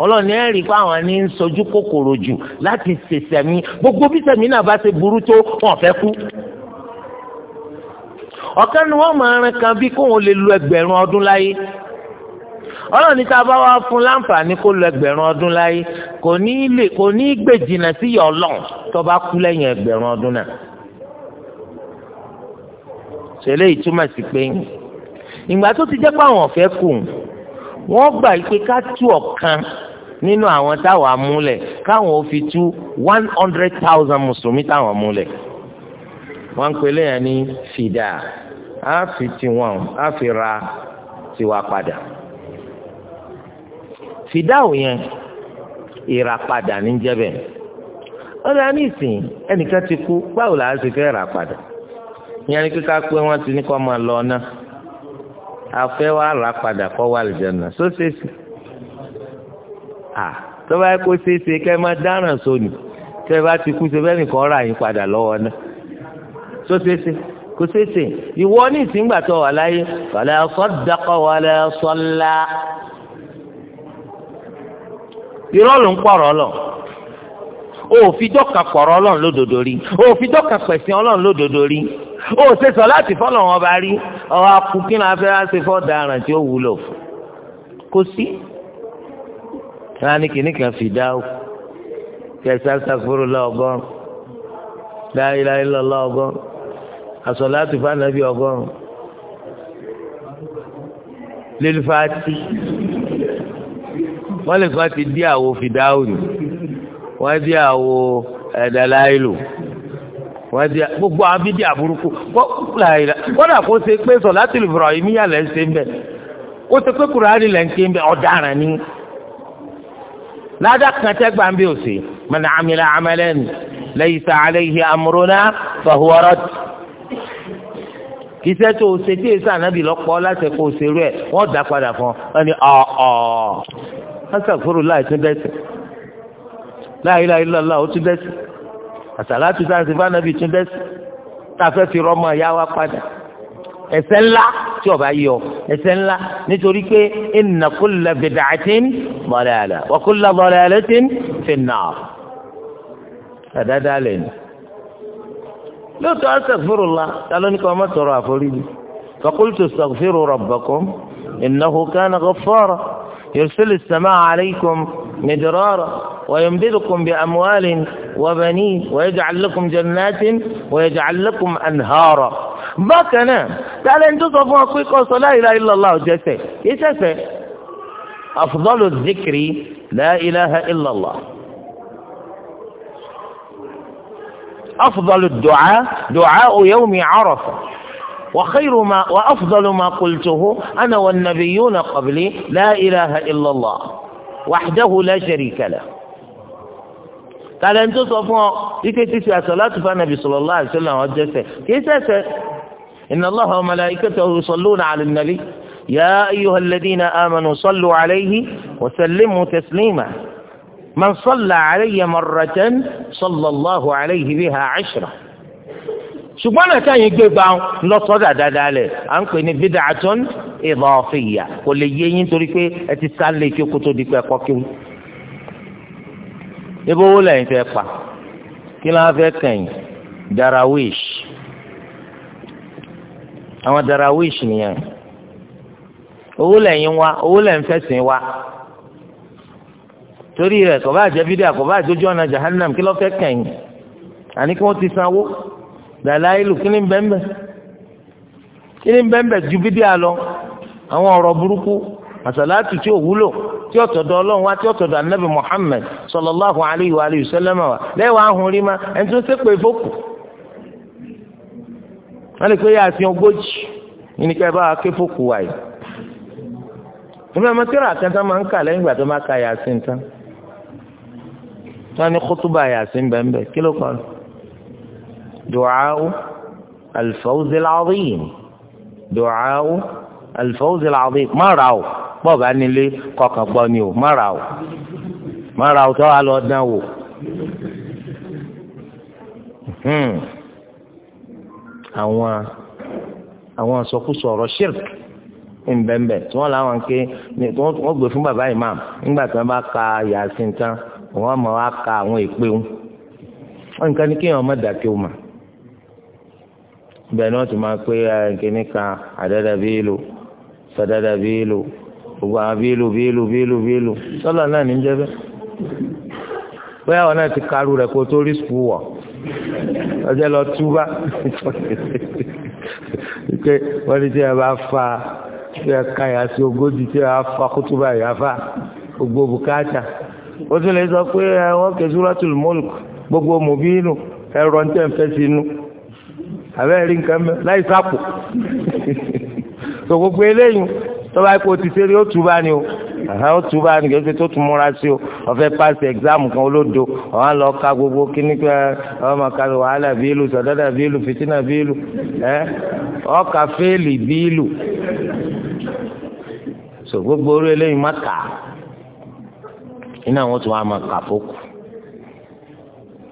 ọlọ́run ní ẹ̀rí pé àwọn ní ń sojú kòkòrò jù láti ṣèṣẹ̀mí gbogbo bí sẹ̀mí náà bá ṣe burú tó wọn fẹ́ kú. ọ̀kan ni wọ́n máa ran kan bí kóun lè lu ẹgbẹ̀rún ọdún láyé ọlọ́run ní tá a bá wá fún láǹfààní kó lu ẹgbẹ̀rún ọdún láyé kò ní lè kò jìnnà sí ìyà ọlọ́run tó bá kú lẹ́yìn ẹgbẹ̀rún ọdún náà. ṣẹlẹ̀ ìtumọ̀ sí pé ìgbà tó ti jẹ́ pé àwọn ọ̀fẹ́ kù wọ́n gbà pé ká tú ọ̀kan nínú àwọn táwọn amúlẹ̀ káwọn ò fi tú one hundred thousand mùsùlùmí táwọn amúlẹ̀ wọ́n ń pelé yẹn ní fìdá á fi tiwọn á fi ra tiwa padà fìdá ò yẹn ìràpadà ní jẹ́bẹ̀ ọ̀dà nísìnyí ẹnìkan ti kú báwo làá ṣe fẹ́ rà padà ìyẹn ni kíkà pé wọ́n ti ní kó máa lọ náà afẹ́ wa rà padà kọ́ wà lìjẹ̀nà sóṣèṣì à tó bá yẹ kó ṣeéṣe kẹ́ máa dáràn sóni tẹ́ bá ti kú ṣe bẹ́ẹ̀ nìkan rà yín padà lọ́wọ́ náà sóṣèṣì kò ṣeéṣe ìwọ ní ìsìngbà tó wà láyé wàlẹ́ sọ́dọ̀kọ̀ wàlẹ́ sọ́lá irọ́ ló ń pọ̀rọ̀ lọ òfijọ́ kan kọ̀rọ̀ ọlọ́run lódodo rí òfijọ́ kan pẹ̀sìn ọlọ́run lódodo rí ó ṣe sọ láti fọ́lọ̀ wọn bá rí ọ̀rọ̀ akùnkín náà fẹ́ ṣe fọ́ daràn tí ó wúlò fún kò sí. rárá ní kìíní kan fìdá o kẹsà sàfúrú lọ́gọ́rùn dáìláì lọ́lá ọgọ́rùn àṣọ láti fànàbí ọgọ́rùn lílùfàtì wọ́n lè fàtì dí àwo fìdá òní wọ́n di àwo ẹ̀dàláìlù wọ́n di gbogbo àwọn bídí àbúrúkú kódà kó ṣe pé sọ̀láti lùfọ̀rọ̀ yìí níyà lẹ́ ń ṣe ń bẹ̀ kó ṣe pé kùránì lẹ́ ń ṣe ń bẹ̀ ọ̀daràn ni. ládà kan tẹ́ gbà ń bí òsè man amila amalan laysa alayhi amruna fahuwa radd. kìsẹ́ tó o ṣe tí èso ànábì lọ́pọ̀ láti kó o ṣerú ẹ̀ wọ́n dá padà fún ọ la ilaha illallah ó tún dẹ́sí àsàlátù tá a ṣe fánàbì tún dẹ́sí tá a fẹ́ fi rọ́mọ ìyá wa padà ẹ̀ṣẹ̀ ńlá tí ọba yọ ẹ̀ṣẹ̀ ńlá nítorí pé inna kulla bid'atin dalala wa kulla dalalatin fin-nar ẹ̀dáadáa lẹ́nu lóòótọ́ astaghfirullah ta ló ní kí wọ́n má tọrọ àforíjì fa qultu astaghfiru rabbakum innahu kana ghaffara. يرسل السماء عليكم مدرارا ويمددكم بأموال وبنين ويجعل لكم جنات ويجعل لكم أنهارا ما كان قال أنتم صفوا أقويك لا إله إلا الله جسد يسفى أفضل الذكر لا إله إلا الله أفضل الدعاء دعاء يوم عرفة وخير ما وأفضل ما قلته أنا والنبيون قبلي لا إله إلا الله وحده لا شريك له قال أنت صفوه تسع أسلاة فالنبي صلى الله عليه وسلم كيف كيساسة إن الله وملائكته يصلون على النبي يا أيها الذين آمنوا صلوا عليه وسلموا تسليما من صلى علي مرة صلى الله عليه بها عشرة ṣùgbọ́n náà táyìn gbé gba lọ́sọ̀dà dáadáa lẹ̀ à ń pè ní bid'atun idafiyya kò lè yé yín torí pé ẹ ti sá lè kí o kó tó di pé ẹ kọ́ kí o. ibo wo lẹ́yìn fẹ́ pa kí ló ń fẹ́ kẹ́yìn darawish àwọn darawish nìyẹn owó lẹ́yìn wa owó lẹ́yìn fẹ́sìn wa torí rẹ̀ kò bá jẹ́ bídà kò bá jójú ọ̀nà jahannam kí ló fẹ́ kẹ́yìn àní kí wọ́n ti sanwó dàláìlù kí ni bẹ́ẹ̀nbẹ́ kí ni bẹ́ẹ̀nbẹ́ ju bídíà lọ àwọn ọ̀rọ̀ burúkú àsàlátù tí ò wúlò tí ó tọ̀dọ̀ ọlọ́run wá tí ó tọ̀dọ̀ anabi muhammed sallallahu alayhi wa alayhi wa sallam wa lẹ́wàá ahùn rí ma ẹni tó ṣépè fókù wọ́n lè pé yá àti ogójì ìníkẹ́ bá wa ké fókù wáyé ìmọ̀ ẹ̀mọ́ tíra àtẹ́ntà máa ń kà lẹ́yìn ìgbà tó máa ka yàtí ń tán wọ́n ní kótóbà yàtí ń bẹ́ẹ̀ bẹ́ẹ̀ kí ló kọ́ ọ́ دعاء الفوز العظيم دعاء الفوز العظيم ما راو o bọ́ọ̀ لي nílé kọkàn ما راو ما راو ra o má ra o tó wà lọ dán wò. Hmm. àwọn àwọn sọkúsọ ọ̀rọ̀ shirk nbẹ̀nbẹ̀ tí wọ́n láwọn ké wọ́n gbé fún bàbá imam nígbà tí wọ́n bá ka yàtí tán wọ́n mọ̀ wá ka àwọn ìpéwọ́n nǹkan ní kéèyàn má dàkẹ́ o bẹ́ẹ̀ ni wọ́n ti máa pé eh, kíní kan àdẹ́dẹ́ bíìlù sọdẹ́dẹ́ bíìlù gbogbo àwọn bíìlù bíìlù bíìlù bíìlù sọ́là náà ní jẹ́ bẹ́ẹ̀ bóyá wọn náà ti karú rẹ̀ kó tó rí sùkúù wọ̀ ọjọ́ lọ túbá pé wọ́n ní tí a bá fa tí a ka yà sí ogójì tí a fa kútúbà yà fa gbogbo bùkátà ó tún lè sọ pé eh, wọ́n kẹ́sùrọ́tù mọ́lùkù gbogbo mòbíìlù ẹ̀rọ ń tẹ̀ ń fẹ́ sínú àbẹ́ rí nǹkan mẹ́ láì sápò tó gbogbo eléyìí tó bá kó ti ṣe rí ó túbá ni o ó túbá ni kí tó tún múra sí o ọ̀fẹ́ pàṣẹ ẹ̀gzáàmù kan olódo ọ̀hán lọ ka gbogbo kíní pé ọmọ kan wàhálà bílù sọ̀dọ́dà bílù fìtínà bílù ẹ́ ọkà fẹ́ẹ̀lì bílù so gbogbo orí eléyìí má kà á iná wọn tún wá máa kà fókù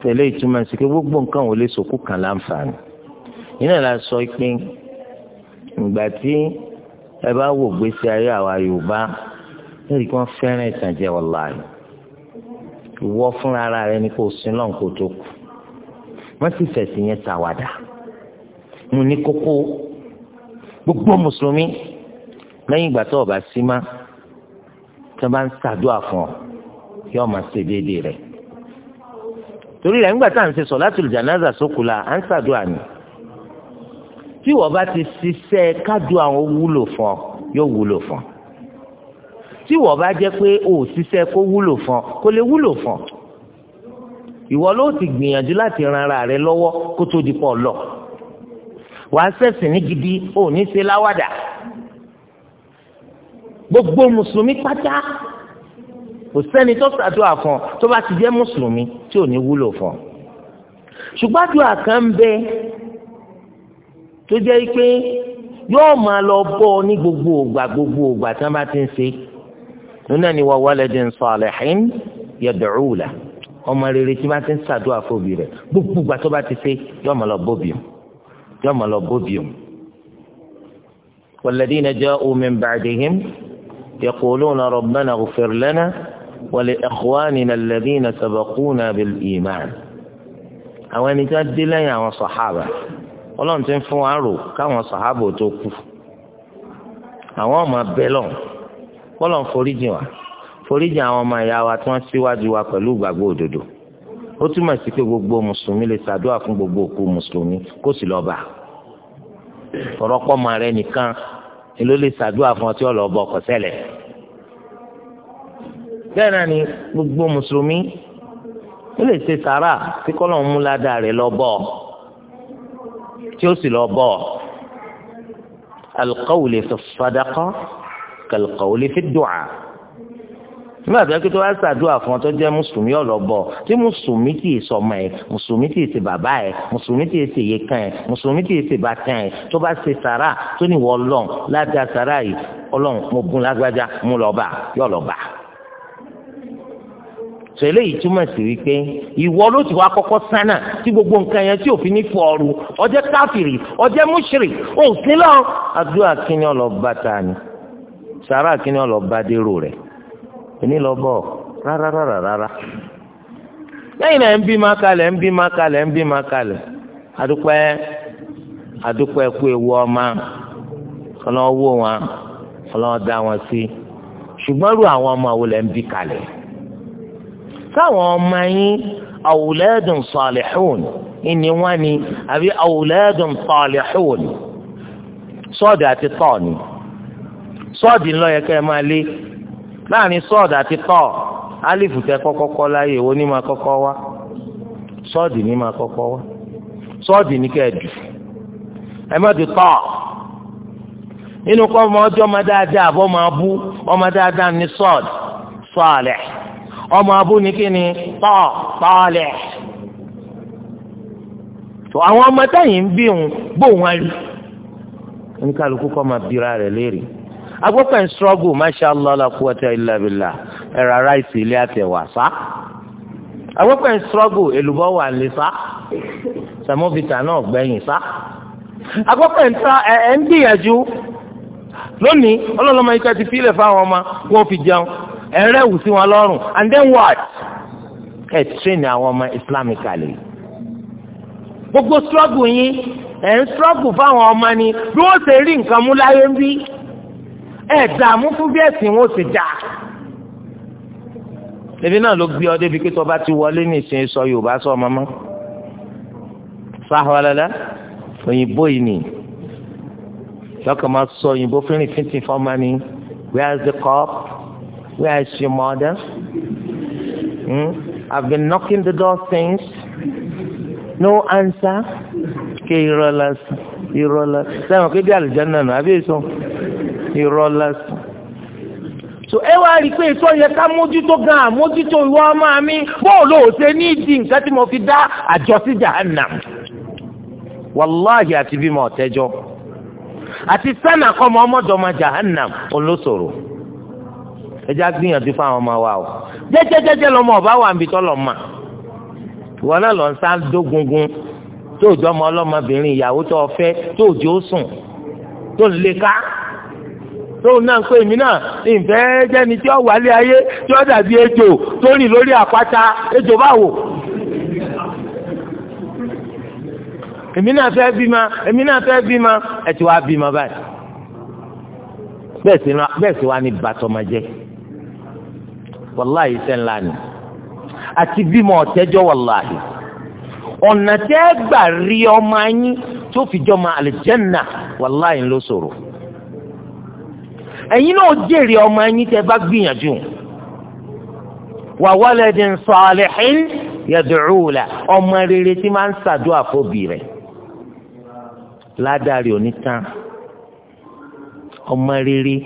tẹ̀lé ìtumọ̀ sí pé gbogbo nǹkan ò lè sòkú kan láǹfààní iná la sọ pé ìgbà tí ẹ bá wò gbèsè ayé àwa Yorùbá lórí kí wọ́n fẹ́ràn ìtànjẹ wallahi ìwọ fúnra ara rẹ ni kò sin náà kó tó kù wọ́n sì fẹ̀sìn yẹn ṣàwàdà mo ní kókó gbogbo mùsùlùmí lẹ́yìn ìgbà tó o bá sí má tó bá ń ṣàdúrà fún ọ yóò máa ṣe déédéé rẹ torí rẹ ńgbà tá à ń ṣe sọ̀látùl jánásà sókùlà à ń ṣàdúrà ni tí wọ́n bá ti ṣiṣẹ́ kájú àwọn wúlò fún ọ yóò wúlò fún ọ tí wọ́n bá jẹ́ pé o ò ṣiṣẹ́ kó wúlò fún ọ kó lè wúlò fún ọ ìwọ ló ti gbìyànjú láti ran ara rẹ lọ́wọ́ kó tó di pọ̀ lọ wàá ṣẹ̀sìn ní gidi ò ní ṣe láwàdà gbogbo mùsùlùmí pátá kò sẹ́ni tó ṣàdúrà fún ọ tó bá ti jẹ́ mùsùlùmí tí ò ní wúlò fún ọ ṣùgbọ́n àdúrà kan ń bẹ tó jẹ́ pé yóò máa lọ bọ́ ọ ní gbogbo ògbà gbogbo ògbà tí wọ́n bá ti ń ṣe nínú ẹni wà waladin salihin yad'u lahu ọmọ rere tí wọ́n ti ń ṣàdúrà fóbi rẹ̀ gbogbo ògbà tó bá ti ṣe yóò máa lọ bóbi mu yóò máa lọ bóbi mu. walladhina ja'u min ba'dihim yaquluna rabbana ighfir lana wa li ikhwanina alladhina sabaquna bil iman àwọn ẹni tí wọ́n ọlọ́run ti ń fún wa rò káwọn sàhábò tó kú àwọn ọmọ abẹ́lọ̀ kọ́lọ̀ ń foríjì wa foríjì àwọn ọmọ ìyá wa tí wọ́n síwájú wa pẹ̀lú ìgbàgbọ́ òdodo ó túmọ̀ sí pé gbogbo mùsùlùmí lè ṣàdúrà fún gbogbo òkú mùsùlùmí kó sì lọ́ọ́ bà ọ̀rọ̀pọ̀mọ rẹ nìkan ni ló lè ṣàdúrà fún ọ tí ọ̀lọ́ bọ ọkọ̀ sẹ́lẹ̀ bẹ́ẹ̀ náà ni gbogbo mùsùlùmí ó lè ṣe sàrà tí kọ́lọ̀ ń mú ládàá rẹ lọ́ bọ́ ọ tí ó sì lọ bọ̀ alqawli fi sadaqa kalqawli fi du'a nígbà tó yẹ kí tó wá ṣàdúrà fún ọ tó jẹ́ mùsùlùmí ọlọbọ tí mùsùlùmí kì í sọmọ ẹ mùsùlùmí kì í ṣe bàbá ẹ mùsùlùmí kì í ṣe yèékàn ẹ mùsùlùmí kì í ṣe bàtàn ẹ tó bá ṣe sàrà tó níwọ Ọlọ́run lájà sàrà yìí Ọlọ́run mo gun lágbájá mo lọ bá yọ lọ bá. sọ eléyìí túmọ̀ sí wípé ìwọ ló ti wá kọ́kọ́ sánà gbogbo nǹkan yẹn tí òfin ní fọ́ọ̀rù ọjẹ́ káfìrì ọjẹ́ múṣìrì òsín lọ. àdúrà kínní ọlọ́ba ta ni sàrà ọlọ́ba dérò rẹ̀ rárá lẹ́yìn náà ń bí má kalẹ̀ ń bí ewu ọma ọlọ́wọ́ wọn ọlọ́wọ́ dá wọn sí ṣùgbọ́n rú àwọn ọmọ wo lẹ́ ń sáwọn ọmọ yín awuladun salihun ìní wọn ni àbí awuladun salihun sọ́ọ̀dì àti tọ́ọ̀ ni sọ́ọ̀dì ńlọ yẹ kẹ́ máa lé láàrin sọ́ọ̀dì àti tọ́ọ̀ alifu tẹ kọ́kọ́ láyé wo ni máa kọ́kọ́ wá sọ́ọ̀dì ni máa kọ́kọ́ wá sọ́ọ̀dì ni dù ẹ má ti nínú kọ́ ọmọ ọjọ́ ọmọ dáadáa àbọ̀ máa bú ọmọ dáadáa ní sọ́ọ̀dì sọ́ọ̀lẹ̀. ọmọ abú ni kí ni tọ́ tọ́lẹ̀ tó àwọn ọmọ táyìn ń bí òun bó wọn rí oníkàlùkù kọ́ máa bira rẹ̀ léèrè agbọ́pẹ̀ ń struggle masha allah la quwwata illa billah ẹ̀rọ ara ìsì ilé àtẹ̀wà sá agbọ́pẹ̀ ń struggle èlùbọ́ wà lè sá sàmófìtà náà gbẹ̀yìn sá agbọ́pẹ̀ ń ta ẹ̀ ń gbìyànjú lónìí ọlọ́lọ́mọ ikẹ́ ti fílẹ̀ fáwọn ọmọ wọn fi jẹun ẹ̀rẹ́ wù sí wọn lọ́rùn and then what? ẹ̀ train àwọn ọmọ islamically. gbogbo struggle yín ẹ̀ ń struggle fáwọn ọmọ ni bí wọ́n ṣe rí nǹkan mú láyé ń bí ẹ̀ dààmú fún bí ẹ̀sìn wọn ṣe dáa. ebi náà ló gbé ọ débi pé tó bá ti wọlé ní ìsìn sọ Yorùbá sọ ọmọ mọ́ sáhọ́lẹ́lẹ́ òyìnbó yìí ni lọ́kàn máa sọ òyìnbó fínrìfínrì fọ́ọ́mà ni where is the cup? Where is your mother? Hmm? I've been knocking the door since. No answer. okay, you Ké irọ́ lásán. Irọ́ lásán. Sẹ́wọ̀n pé bí àlùjáná nù, àbí èso. Irọ́ lásán. So ẹ wá rí i pé ètò yẹ ká mójútó gan àmójútó ìwọ ọmọ mi. Bóòlù ò ṣe ní ìdí nǹkan tí mo fi dá àjọ sí jahannam. Wàláhì àti bímọ ọ̀tẹ́jọ́. Àti sánà kọ́ ọmọ ọmọdé ọmọ jahannam olóṣòro ẹjẹ agbìyànjú fún àwọn ọmọ wa o jẹjẹjẹjẹ lọmọ ọba wà níbi tọlọ mà ìwọ náà lọ ń sá dógungun tó òjò ọmọ ọlọmọbìnrin ìyàwó tó ọfẹ tó òjò ó sùn tó ń lè ká tóun náà ń pè mí náà ìfẹ́ jẹ́ni tí ó wálé ayé tí ó dàbí ejò tó rìn lórí àpáta ejò báwo. èmi náà fẹ́ bímọ èmi náà fẹ́ bímọ ẹ ti wá bímọ báyìí bẹ́ẹ̀ sì wá ní bàtọ́mọ jẹ́ wàláhì iṣẹ́ ńlá ni àti bímọ ọ̀tẹ́jọ́ wàláhì ọ̀nà tẹ́ gbà rí ọmọ yín tó fi jọmọ àlìjẹ́nà wàláhì ló ṣòro ẹ̀yin náà jèrè ọmọ yín tẹ́ bá gbìyànjú wà waladin salihin yad'u la ọmọ rere tí máa ń ṣàdúrà fóbì rẹ̀ ládàrí onítàn ọmọ rere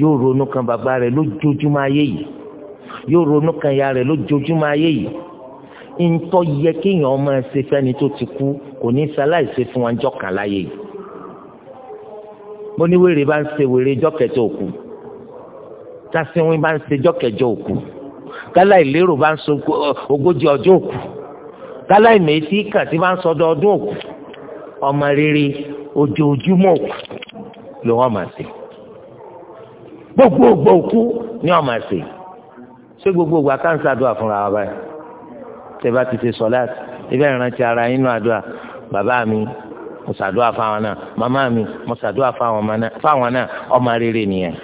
yóò ronú kan bàbá rẹ̀ lójoojúmọ́ ayé yìí yóò ronú kan ya rẹ̀ lójoojúmọ́ ayé yìí ntọ́ yẹ kéèyàn máa ṣe fẹ́ni tó ti kú kò ní ṣaláìsí fún wọn jọ́ kan láyé yìí bóníwèrè bá ń ṣe wèrè jọ́ kẹjọ òkú tásíwìn bá ń ṣe jọ́ kẹjọ òkú kálá ìlérò bá ń sọ ogójì ọjọ́ òkú kálá ìmẹ̀tí kàn tí bá ń sọdọ ọdún òkú ọmọ rere ojoojúmọ́ òkú ló wọ́n máa ṣe gbogbogbò òkú ni wọ́n máa ṣe ṣé gbogbo ìgbà tá à ń ṣàdúrà fúnra wa báyìí tẹ́ bá ti ṣe sọ́láàtì ibẹ̀ ìrántí ara inú àdúrà bàbá mi mo ṣàdúrà fáwọn náà màmá mi mo ṣàdúrà fáwọn náà ọmọ rere nìyẹn.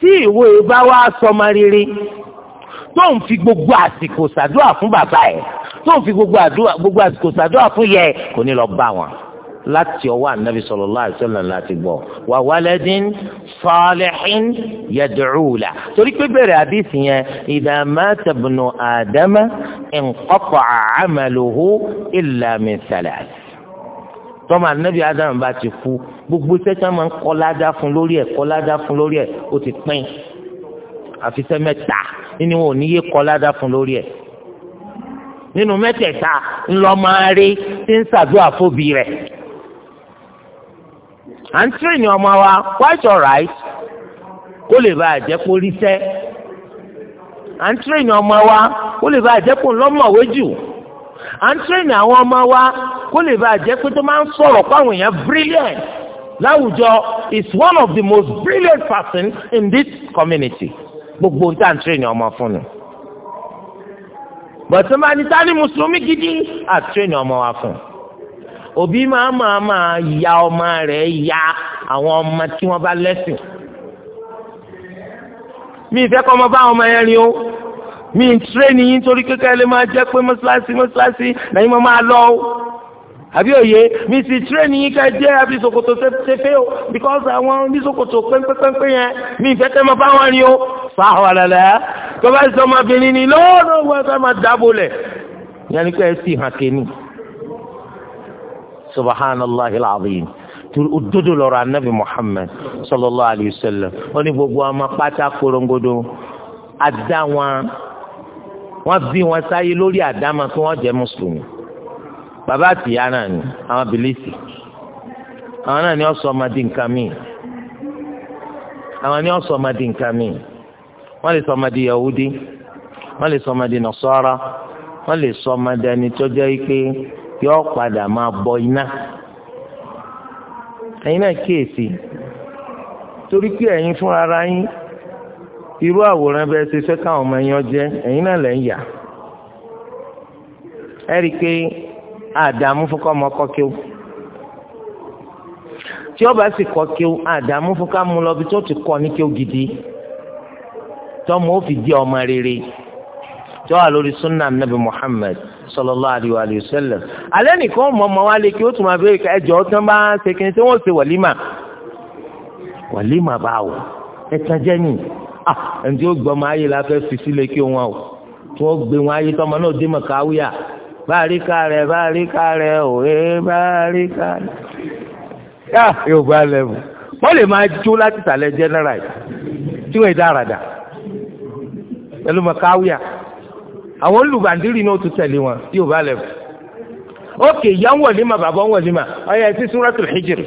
tí ìwé bá wá sọmọ rere tó ń fi gbogbo àsìkò ṣàdúrà fún bàbá ẹ̀ tó ń fi gbogbo àsìkò ṣàdúrà fún yẹ kò ní lọ bá wọn láti ọwọ́ ànábì sallallahu alaihi wasallam láti gbọ́ wà waladin salihin yad'u la torí pé bẹ̀rẹ̀ àdìsí yẹn idha mata ibnu àdámà inqata'a 'amaluhu illa min thalath tọ́mọ ànábì ádámù bá ti kú gbogbo sẹ́sẹ́ máa ń kọ́ ládá fún lórí ẹ̀ kọ́ ládá fún lórí ẹ̀ ó ti pín àfisẹ́ mẹ́ta nínú wọn ò ní yé kọ́ fún lórí ẹ̀ nínú mẹ́tẹ̀ẹ̀ta ńlọ máa rí tí ń ṣàdúrà fóbi rẹ̀ à ń tírì ní ọmọ wa quite alright kó lè bá àjẹpọ̀ rí sẹ́ à ń tírì ní ọmọ wa kó lè bá àjẹpọ̀ lọ́mọ̀wé jù à ń tírì ní àwọn ọmọ wa kó lè bá àjẹpọ̀ tó máa ń sọ̀rọ̀ páwọn èèyàn brilliant láwùjọ is one of the most brilliant person in this community gbogbo ń tà ń tírì ní ọmọ fún mi bọ̀tún bá ní tani mùsùlùmí gidi àtúnyẹ̀ ọmọ wa fún un òbí máa máa máa ya ọmọ rẹ̀ ya àwọn ọmọ tí wọ́n bá lẹ́sìn mi ìfẹ́ kọ́ ọmọ bá ọmọ yẹn rin o mi ń tírénì yín torí kékeré lè máa jẹ́ pé mọ́ṣáláṣí mọ́ṣáláṣí lẹ́yìn mo máa lọ o àbí òye mi sì tírénì yín ká jẹ́ àbí ṣòkòtò ṣẹfẹ́ o because àwọn oníṣòkòtò pẹ́ńpẹ́ńpẹ́ yẹn mi ìfẹ́ kẹ́ ọmọ bá wọn rin o fáwọn àlàlẹ́ tó bá sọ ọmọbìnrin ni lọ́wọ́ náà wọ́n fẹ́ máa dábò lẹ̀ yẹn ni pé ẹ sì hàn kéènì subhanallahi al-azim òdodo lọ́rọ̀ anabi muhammed sallallahu alayhi wa sallam wọ́n ní gbogbo ọmọ pátá korongodo adá wọn wọ́n bí wọn sáyé lórí àdámà kí wọ́n jẹ́ mùsùlùmí bàbá àtìyá náà ni àwọn bìlísì àwọn náà ni wọ́n sọ ọmọdé nǹkan míì àwọn ni wọ́n sọ ọmọdé nǹkan míì wọ́n lè sọ ọmọdé yahudi wọ́n lè sọ ọmọdé nasara wọ́n lè sọ ọmọdé ẹni tó jẹ́ pé yọ padà máa bọ iná ẹ̀yin náà kíyèsí torí pé ẹ̀yin fúnra ara yín irú àwòrán bẹ́ẹ̀ ṣe fẹ́ káwọn ọmọ ẹ̀yàn jẹ́ ẹ̀yin náà lẹ́ ń yà ẹ rí i pé àdààmú fún kọ́ ọmọ kọ́kí o tí ọba sì kọ́kí o àdààmú fún ká mú lọ bí tó ti kọ́ ní kí o gidi tọ́mọ ó fi di ọmọ rere tí wọ́n wà lórí sunnah nabi Muhammad sallallahu alaihi wa sallam alẹ́ nìkan mọ̀ ọmọ wa lè kí ó tún máa béèrè ká ẹjọ́ tí wọ́n bá ń ṣe kí ni tí wọ́n ṣe wàlímà wàlímà bá wò ẹ tajẹ́ ni ah, ẹni tí ó gbọ́ ọmọ ayé la fi sílé kí wọn o tí wọ́n gbé wọn ayé tọmọ náà dé mọ̀ káwíyà báríkà rẹ̀ báríkà rẹ̀ òwe báríkà rẹ̀ yá yóò bá lẹ́mù wọ́n lè máa jó láti tàlẹ́ jẹ́nẹ́rà tí wọ́n àwọn olùbàdìrì náà tún tẹ̀lé wọn yóò bá lẹ̀ ókè ìyá ń wọlé mà bàbá ń wọlé mà ọyọ ẹtí Hijiri, hijr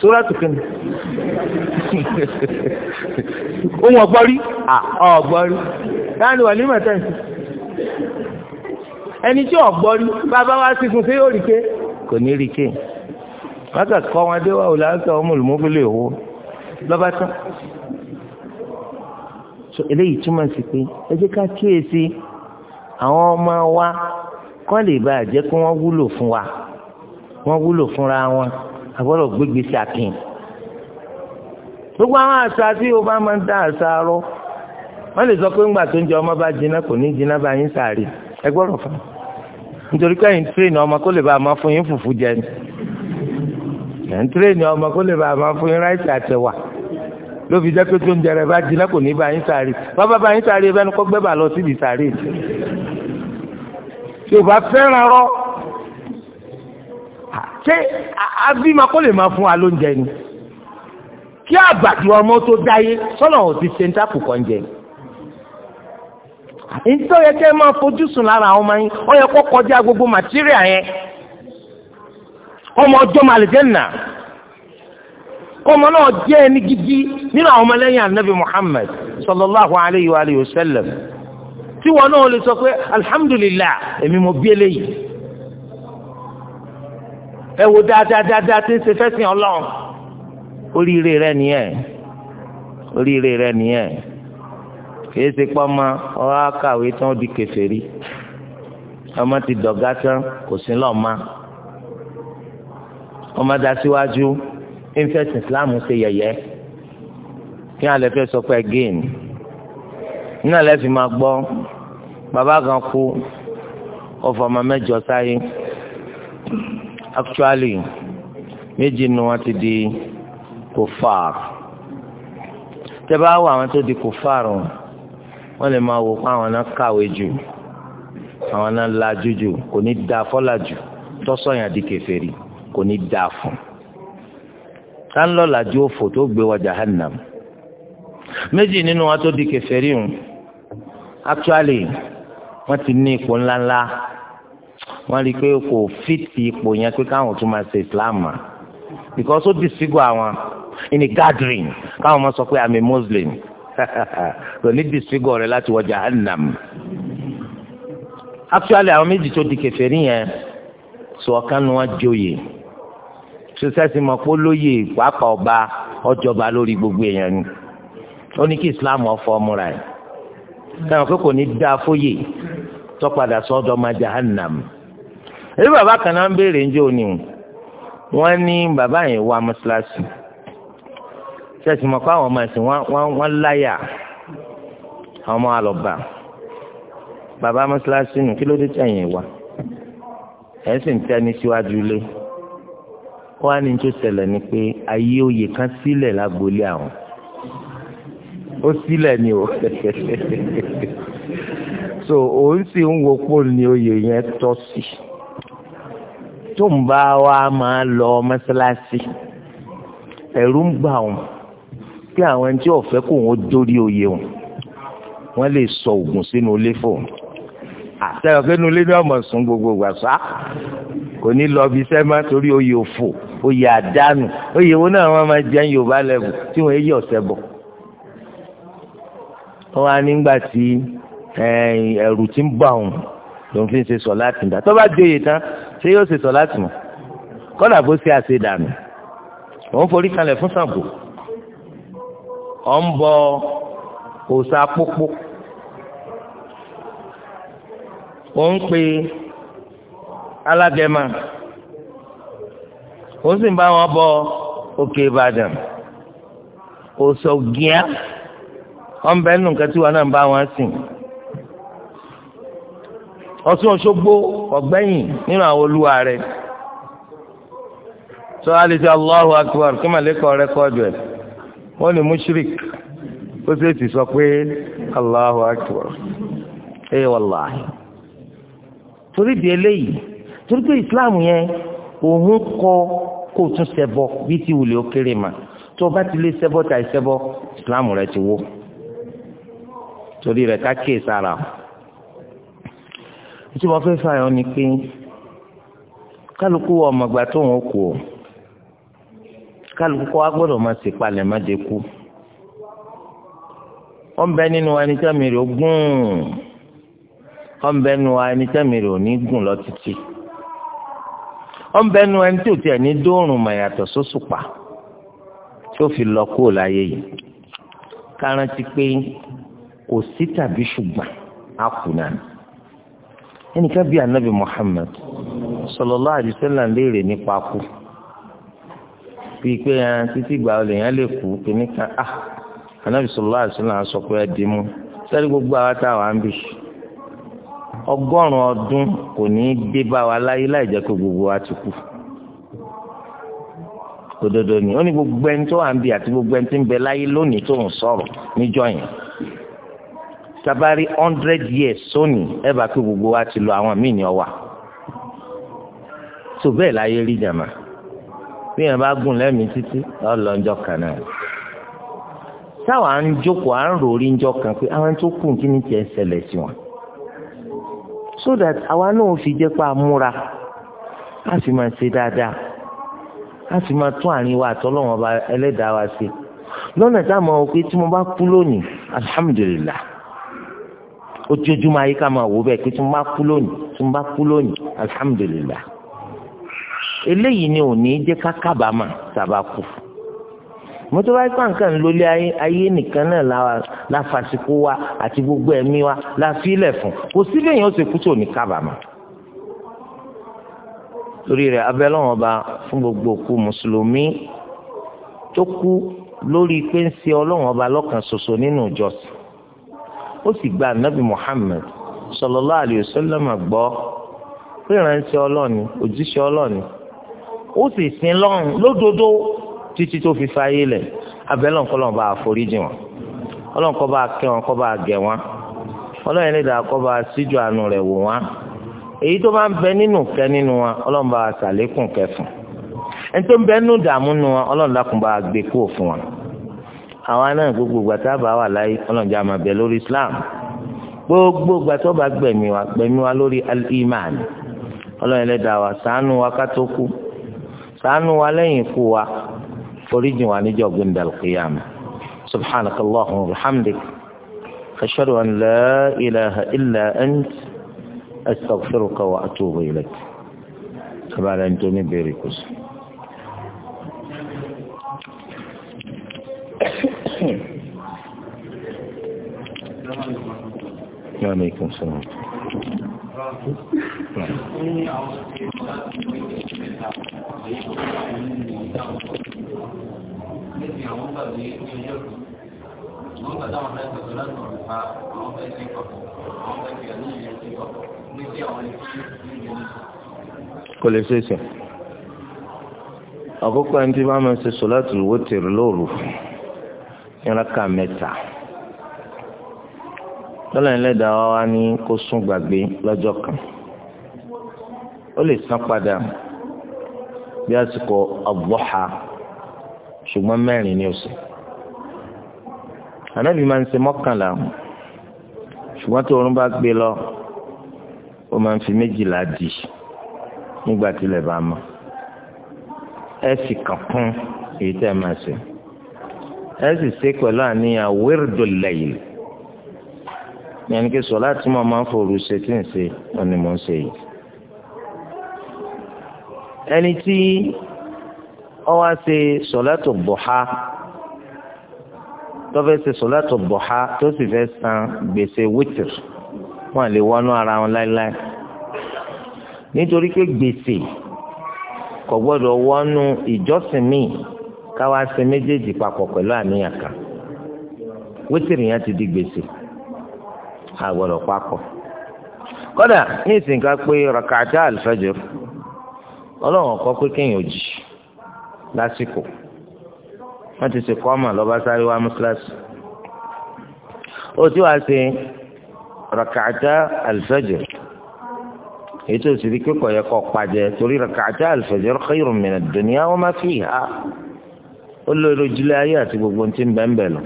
súrátù kìnnì ohun ọgbọ́rí ọgbọ́rí láàrin wọlé mà tẹ̀sí ẹni tí ọgbọ́rí bàbá wa ti fún sí yóò rí ké kò ní rí ké wákà kọ́ wọn dé wa ò láǹkà ọmọ olùmọ́bílẹ̀ òwò lọ́ba tán eléyìí túmọ̀ sí pé ẹ jẹ́ ká kíyèsí àwọn ọmọ wa kọ́ lè bá jẹ́ kó wọ́n wúlò fún wa wọ́n wúlò fúnra wọn àgbọ̀dọ̀ gbégbé sí akin gbogbo àwọn àṣà tí o bá máa ń dá àṣà rọ wọ́n lè sọ pé ńgbà tó ń jẹ ọmọ bá jiná kò ní jiná bá yín sàárè ẹ gbọ́dọ̀ fún un nítorí kẹ́yìn tírèènì ọmọ kó lè bá a máa fún yín fùfú jẹ ni ẹ̀ ń tírèènì ọmọ kó lè bá a máa fún yín ráìsì àtẹ̀wà ló fi jẹ́ pé tó ń jẹrẹ bá jiná kò ní bá yín sàárè bàbá bá yín sàárè bẹ́ẹ̀ ni kó gbẹ́bà lọ síbi sàárè yorùbá fẹ́ràn rọ ṣé abímọ kó lè máa fún wa lóúnjẹ ni kí àbàdì ọmọ tó dáyé sọ́nà ò ti ṣe ń tàkù kan jẹ nítorí yẹ kẹ́ máa fojú sùn lára ọmọ yín ó yẹ kọjá gbogbo màtíríà yẹn ọmọ ọjọ́ màlìjẹ́nà ọmọ náà jẹ́ ẹni gidi muhammad sallallahu alayhi wa wa sallam. tí wọn náà lè sọ pé alihamudulilayi èmi mo bí eléyìí ẹ wo dáadáa tí ń ṣe fẹ́ sìn oríire rẹ nìyẹn oríire rẹ nìyẹn kìí ṣe pọ́nmọ ọ̀rọ̀ akàwé tán di kèfèrí ọmọ ti dọ̀gá tán kò sí lọ́ọ̀ma ọmọ da síwájú infest Islam ṣe yẹ̀yẹ́ kí alẹ́ fẹ́ sọ pé again nínú alẹ́ fi máa gbọ́ Baba kan kú ọfọ ọmọ mẹ́jọ sáyé actually méjì nu wọn ti di kòfàr tẹ́ bá wọ àwọn tó di kòfàr wọn lè máa wò pé àwọn náà kàwé jù àwọn náà lajú jù kò ní da fọ́làjù tọ́sọ̀yàn di kèfèrí kò ní da fún ká ń lọ òfò tó gbé wa jahannam méjì nínú wọn tó di kèfèrí actually wọ́n ti ní ipò ńláńlá wọ́n rí i pé kò fìtì ipò yẹn pé káwọn tún máa ṣe islam ma because ó dìsígò àwọn in a gathering káwọn máa sọ pé i'm muslim kò ní dìsígò rẹ láti wọ jahannam actually àwọn méjì tó di kèfèrí yẹn sọ ọ̀kan ni wọ́n joyè sọsẹsì mọ pé lóye pàápàá ọba ọjọba lórí gbogbo èèyàn ni ó ní kí islam ọfọ ọmúra yìí táwọn pé kò ní dáa fóyè tọ́padà sọ́dọ̀ máa jahannam èyí bàbá kan náà ń béèrè ń jẹ́ òní wọ́n ní bàbá yẹn wá mọ́ṣáláṣí sẹ́sì mọ̀ pé àwọn ọmọ ẹ̀sìn wọ́n láyà àwọn ọmọ àlọ́ba bàbá mọ́ṣáláṣí nù kí ló dé tẹ̀yìn wá ẹ̀ sì ń tẹ́ni síwájú ilé wọ́n á ní tó ṣẹlẹ̀ ni pé ayé òye kan sílẹ̀ lágboolé àwọn ó sílẹ̀ ni o so òun sì ń wo pò ní oyè yẹn tọ́ sí tó ń bá wa máa lọ mọ́sálásí ẹ̀rù ń gbà wọn pé àwọn ẹni tí ò fẹ́ kó wọn dórí oyè wọn wọ́n lè sọ ògùn sínú ilé fóun àtẹ̀wọ̀ pé inú ilé ní ọmọ sùn gbogbo ìgbà sá kò ní lọ bí sẹ́ máa torí oyè òfò oyè àdánù oyè wo náà wọ́n máa jẹ́ Yorùbá lẹ́bù tí wọ́n yí ọ̀sẹ̀ bọ̀ wọ́n á nígbà tí ẹ̀rù ti ń bà òun lòun fi ń ṣe sọ láti dà tó bá déyè tán ṣé yóò ṣe sọ láti mọ̀ kọ́dà bó ṣe àṣe dànù òun forí kalẹ̀ fún Ṣàngó ọ̀ ń bọ òòṣà pópó òun pe alágẹ̀mà òun sì ń bá wọn bọ òkè Ìbàdàn òòṣà ògìá. wọn bẹ nù nǹkan wọn náà bá wọn sìn Ọ̀ṣun Òṣogbo ọ̀gbẹ́yìn nínú àwọn olúwa rẹ̀ sọ alẹsẹ Allahu Akbar kí màlẹkọ rẹ ẹ wọn ni mushrik ó sì ti sọ pé Allahu Akbar ẹ wàláhi torí di eléyìí torí pé Islam yẹn òun kọ kó tún bí mà tó o bá ti tàì Islam rẹ ti torí rẹ̀ ká kíyè sára tí wọ́n fẹ́ fààyàn ni pé kálukú ọmọgbà tó ń kú o kálukú kọ́ wa gbọ́dọ̀ máa ṣèpalẹ̀ má de kú wọ́n bẹ nínú ẹni tẹ́mi rẹ̀ ó gùn wọ́n bẹ nínú ẹni tẹ́mi rẹ̀ ò ní gùn lọ títí wọ́n bẹ nínú ẹni tí ò tiẹ̀ ní dóòrùn mọ̀ yàtọ̀ sóṣùpá tí ó fi lọ kúrò láyé yìí ká pé kò sí tàbí ṣùgbọ́n a kù náà ẹnìkan bíi anabi Muhammad sallallahu alaihi wasallam léèrè nípa kú bíi pé ẹn títí gbà olè yẹn lè kú kìnnìkan ah anabi sallallahu alaihi sọ pé ẹ dì mú sẹ́ni gbogbo àwa tá a wà ń bì ọgọ́rùn-ún ọdún kò ní í dé bá wa láyé láì jẹ́ pé gbogbo wa ti kú òdodo ni ó ní gbogbo ẹni tó wà ń bì àti gbogbo ẹni tí ń bẹ láyé lónìí tó ń sọ̀rọ̀ níjọ́ yẹn. tabari hundred years sóni ẹ bá kí gbogbo wa ti lọ àwọn míì ní ọwà tó bẹ́ẹ̀ láyé rí jàmá bí yẹn bá gùn lẹ́mìí títí ọlọ́njọ́ kan náà táwa ń jókòó à ń rori ńjọ́ kan pé àwọn tó kù kí ni tiẹ̀ ṣẹlẹ̀ sí wọn so that àwa náà fi jẹ́ pé a múra a sì máa ṣe dáadáa a sì máa tún àárín wa àtọ́lọ́wọ́n ẹlẹ́dàá wa ṣe lọ́nà táwọn ọkùnrin tí mo bá kú lónìí alihamudulilayi ojoojúmọ́ ayé ká máa wò bẹ́ẹ̀ pé tí n bá kú lónìí tí n bá kú lónìí alhamdulillah eléyìí ni ò ní jẹ́ ká kábàámà sábà kú mo tó bá yẹ pàǹkà ńlọlé ayé ayé nìkan náà la fasikó wa àti gbogbo ẹ̀mí wa la fílẹ̀ fún kò síbẹ̀ yẹn ó ṣe kú tó ní kábàámà torí rẹ̀ abẹ́lọ́wọ́n ba fún gbogbo òkú mùsùlùmí tó kú lórí pé ń ṣe ọlọ́wọ́n ọba lọ́kàn ṣoṣo nínú ìjọsìn ó sì gba anabi Muhammad sallallahu alayhi wa sallam gbọ́ pé ìránṣẹ́ ọlọ́ni òjíṣẹ́ ọlọ́ni ó sì sin lọ́run lódodo títí tó fi fayé lẹ̀ abẹ́lẹ̀ ńkọ́ lọ́n bá àforíjì wọn ọlọ́run kó bá kẹ́ wọn kó bá gẹ̀ wọn ọlọ́run ẹni dàá kó bá síjú àánú rẹ̀ wò wọn èyí tó bá ń bẹ nínú kẹ́ nínú wọn ọlọ́run bá ṣàlékún kẹ́ ẹni tó ń bẹ nínú dààmú nínú wọn ọlọ́run dákun bá gbé kúrò fún wọn àwa náà gbogbo gbàtà bá wà láyé ọlọ́njà máa bẹ lórí islam gbogbo gbàtà bá gbẹ̀mí wa gbẹ̀mí wa lórí al-iman ọlọ́run lè dá wa ṣàánú wa ká tó kú ṣàánú wa lẹ́yìn ikú wa foríjìn wa níjọ́ gbẹ̀ndàl qiyama subhanaka allahumma wa bihamdik ashhadu an la ilaha illa ant astaghfiruka wa atubu ilayk. Abalẹ̀ ní tó bèrè kò Alaikum salaam. Kò lè ṣe ṣe. Àkókò ẹni tí bá máa ṣe sọ láti wó tèrè lóòrùn ìraka mẹ́ta tọ́lọ́yìn lẹ́dàá wa wá ní kó sún gbàgbé lọ́jọ́ kan ó lè san padà bí àsìkò ọ̀bọ̀ha ṣùgbọ́n mẹ́rin ní oṣù ànábì máa ń ṣe mọ́kànlá ṣùgbọ́n tó orun bá gbé lọ ó máa ń fi méjìlá dì nígbà tí ilẹ̀ bá mọ́ ẹ sì kàn kún èyí tẹ́ ẹ máa ṣe ẹ sì ṣe pẹ̀lú àníyàn wirdul yẹn kí sọlá tí mo máa ń forú ṣe tí ń ṣe wọn ni mo ń ṣe yìí. ẹni tí ó wá ṣe sọlá tó duha tó fẹ́ ṣe sọlá tó duha tó sì fẹ́ san gbèsè wítìr wọn lè wọnú ara wọn láéláé nítorí pé gbèsè kò gbọ́dọ̀ wọnú ìjọsìn míì káwá ṣe méjèèjì papọ̀ pẹ̀lú àníyàn kan wítìrì yẹn ti di gbèsè àgbọ̀dọ̀ papọ̀ kódà ní ìsìnká pé rakata alifajr ọlọ́run kọ́ pé kéèyàn jì lásìkò wọ́n ti ṣe kọ́mà lọ́ba sáré wá mọ́sálásì ó ti wá ṣe rakata alifajr èyí tó sì yẹ kó pàjẹ́ torí rakata alifajr khayrun min ad-dunya wa ma ó lórí ojúlé ayé àti gbogbo ohun tí ń bẹ́ẹ̀ bẹ́ẹ̀ lọ.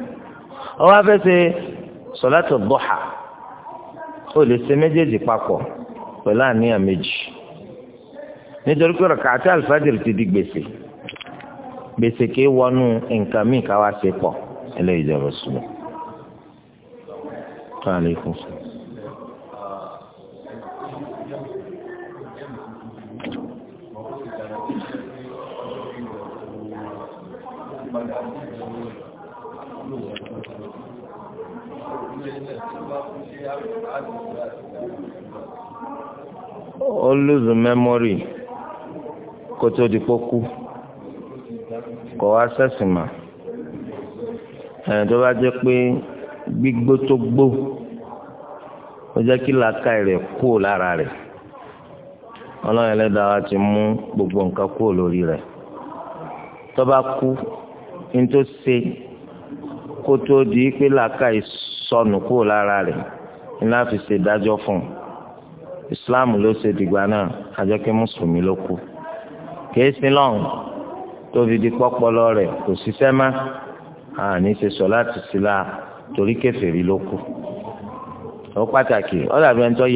ọwọ́ afẹ́ ṣe sọ̀látò bọ́hà ó lè ṣe méjèèjì papọ̀ pẹ̀lú àníyàn méjì nítorí pé ọ̀kà àti alifájìrì ti di gbèsè gbèsè kì í wọnú nǹkan míì káwá ṣe pọ̀ ẹlẹ́yìí jẹ́ ọ̀rọ̀ sùn. ó lùzù mẹ́mórì kó tó di pókú kò wá sẹ́sìn mà ẹ̀ tó bá jẹ́ pé gbígbó tó gbó ó jẹ́ kí làákà rẹ̀ kú lára rẹ̀ ọlọ́run ẹlẹ́dàá ti mú gbogbo nǹkan kú lórí rẹ̀ tó bá kú ní tó ṣe kó tó di pé làákàyè sọnù kúrò lára rẹ̀ ní láti ṣe dájọ́ fún un islam ló ṣe dìgbà náà àjọ kí mùsùlùmí ló kú kìí sin lọ́hùn tóbi di pọ́pọ́lọ́ rẹ̀ kò ṣiṣẹ́ má àní ṣe sọ láti sílá torí kèfèrí ló kú ó pàtàkì ó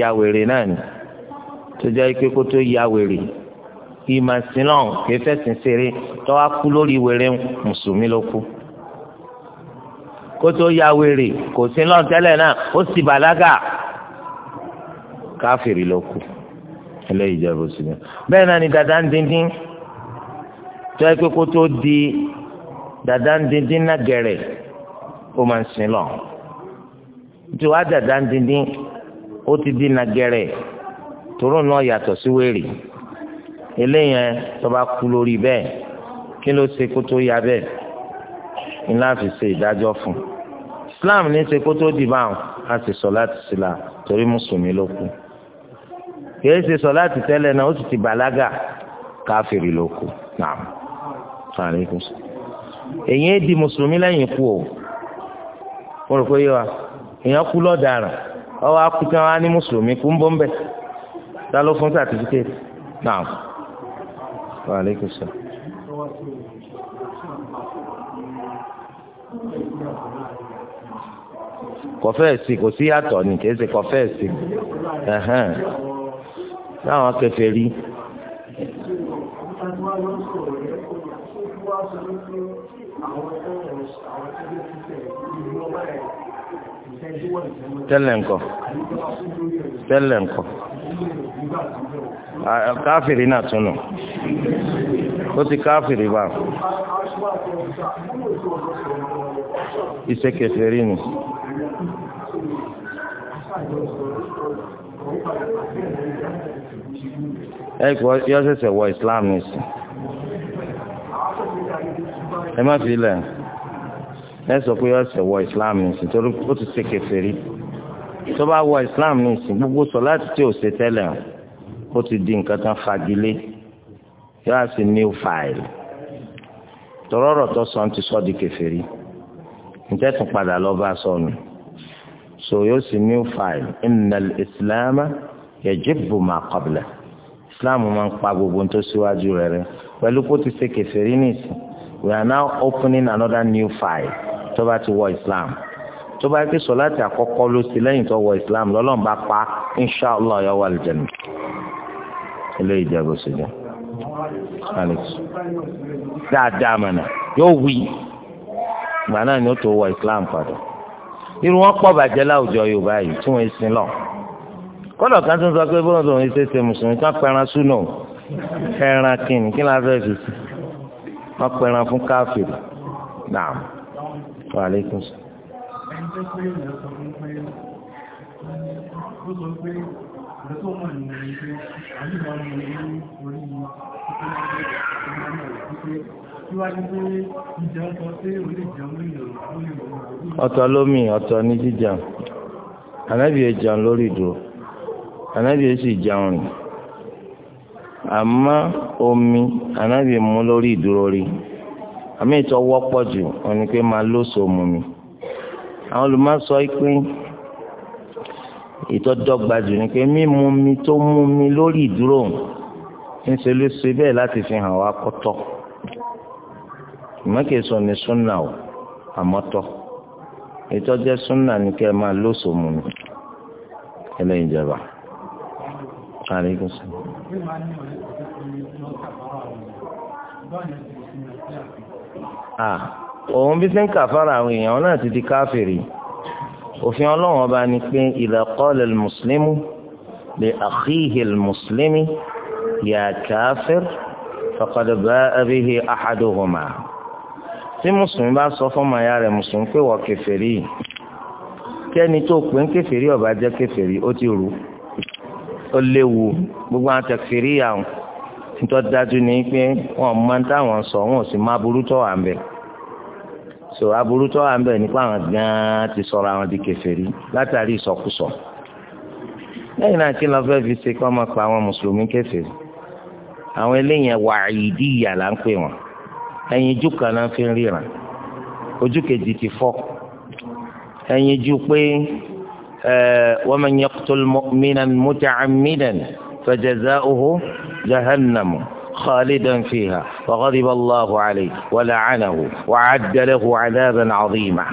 ya wèrè náà ni tó jẹ́ pé kó tó ya wèrè ìmọ̀ sílọ̀ kìí fẹ̀sìn ṣeré tó wá kú lórí wèrè mùsùlùmí ló kú kótó ya wèrè kò sílọ̀ tẹ́lẹ̀ náà ó sì bàlágà káfìrí ló kú eléyìí jẹ́ bó sinmi bẹ́ẹ̀ náà ni dada ń díndín tó yẹ pé kó di dada ń díndín náà gẹ̀rẹ̀ ó máa ń sin lọ tí wàá dada ń díndín ó ti di náà gẹ̀rẹ̀ tòró náà yàtọ̀ sí wèrè eléyẹn tó bá kú lórí bẹ́ẹ̀ kí ló ṣe kó tó ya bẹ́ẹ̀ ni láti ṣe ìdájọ́ fún islam ní ṣe kó tó dìbò àwọn a sì sọ láti sílá torí mùsùlùmí ló kú kìí ṣe sọ láti tẹ́lẹ̀ náà ó sì ti bàlágà káfíìrì ló kú naam sàlẹ́kùn èyí ń di mùsùlùmí lẹ́yìn kú o mo rò pé yé wa kú lọ́daràn ọwọ́ akutẹ́ wa ní mùsùlùmí kú ń bọ́ ń bẹ̀ ta ló fún sàtífíkẹ́tì naam. Wa alaikum salaam. kọfẹ́ẹ̀sì kò sí yàtọ̀ ní kì í ṣe kọfẹ́ẹ̀sì láwọn akẹfẹ́ rí. tẹ́lẹ̀ ńkọ́ tẹ́lẹ̀ ńkọ́ káfìrí náà tún nù ó ti káfìrí bá ìṣèkèfèrí ni. ẹ kò yọ ṣẹ̀ṣẹ̀ wọ Islam nìsín ẹ má fi lẹ ẹ sọ pé yọ ṣẹ̀ṣẹ̀ wọ Islam nìsín torí ó ti ṣèkèfèrí tó bá wọ Islam nìsín gbogbo sọ láti tí ò ṣe tẹ́lẹ̀ ó ti di nǹkan tán fagilé yóò á sì new file tọrọrọ tó sọ ti sọ di kèfèrí ntẹ́tùn padà lọ bá sọnù so yóò sì new file innal islam yajibu ma qabla islam máa ń pa gbogbo tó síwájú rẹ̀ rẹ́ pẹ̀lú kó ti ṣe kèfèrí nìsín we are now opening another new file tó bá ti wọ islam tó bá yẹ kí sọ láti àkọ́kọ́ ló sí lẹ́yìn tó wọ islam lọ́lọ́run bá pa inshallah yóò wọ àlùjànnà ilé ìjẹ́bù síjà alex dáadáa mọ̀nà yóò wí ìgbà náà ni ó tó wọ islam padà irun wọn pọ̀ bàjẹ́ láwùjọ yorùbá yìí tí wọ́n sin lọ kọ́dọ̀ kan tó ń sọ pé bọ́lá tó ń ṣe ṣe mùsùlùmí ká pẹran súnà ẹran kìnnì kí la fẹ́ fi sí wọ́n pẹran fún káfíìrì náà wà lẹ́kùn sí ọ̀rọ̀ tó mọ̀ ní ẹgbẹ́ àyíká ọmọ ní orí ọ̀tọ̀ lómi ọ̀tọ̀ ní jíjẹun ànábì ẹ jẹun lórí ìdúró ànábì ẹ sì jẹun rìn àmọ́ omi ànábì mú lórí ìdúró rí àmì ìtọ́wọ́pọ̀ jù ọ pé máa lóso mu mi àwọn olùmọ̀ sọ ìtọ́dọ́gba jù ni pé mímu mi tó mú mi lórí ìdúró ńṣe ló ṣe bẹ́ẹ̀ láti fi hàn wá kọ́tọ́ ìmọ̀kè sọ ni súnà o àmọ́tọ́ ìtọ́jẹ́ súnà ni kẹ́ ẹ máa lóṣò mu ni ẹlẹ́yin ìjọba. Aleykum salaam. Ah, òun bí sẹ́ńkà fara àwọn èèyàn náà ti di káfìrí òfin ọlọ́run ọba ni pé idha qala al-muslimu li akhihi al-muslimi ya kafir faqad ba'a bihi ahaduhuma tí mùsùlùmí bá sọ fún ọmọ ya rẹ̀ mùsùlùmí pé wọ́n kèfèrí kẹ́ni tó pè ń kèfèrí ó bá jẹ́ kèfèrí ó ti rú ó léwu gbogbo àwọn takfiri yà tó dájú ní pé wọ́n máa ń táwọn sọ wọn sì máa burú tó wà so aburú tó wà ń bẹ̀ nípa àwọn gan-an ti sọ̀rọ̀ àwọn di kèfèrí látàrí ìsọkúsọ lẹ́yìn náà kí lọ fẹ́ fi ṣe kọ́ máa pa àwọn mùsùlùmí kèfèrí àwọn eléyìí wàyídì ìyà là ń pè wọ́n ẹ̀yìn ojú kan náà fi ń ríran ojú kejì ti fọ́ ẹ̀yìn ojú pé wa man yaqtul mu'minan muta'ammidan fajaza'uhu jahannamu. خالدا فيها وغضب الله عليه ولعنه وعد له عذابا عظيما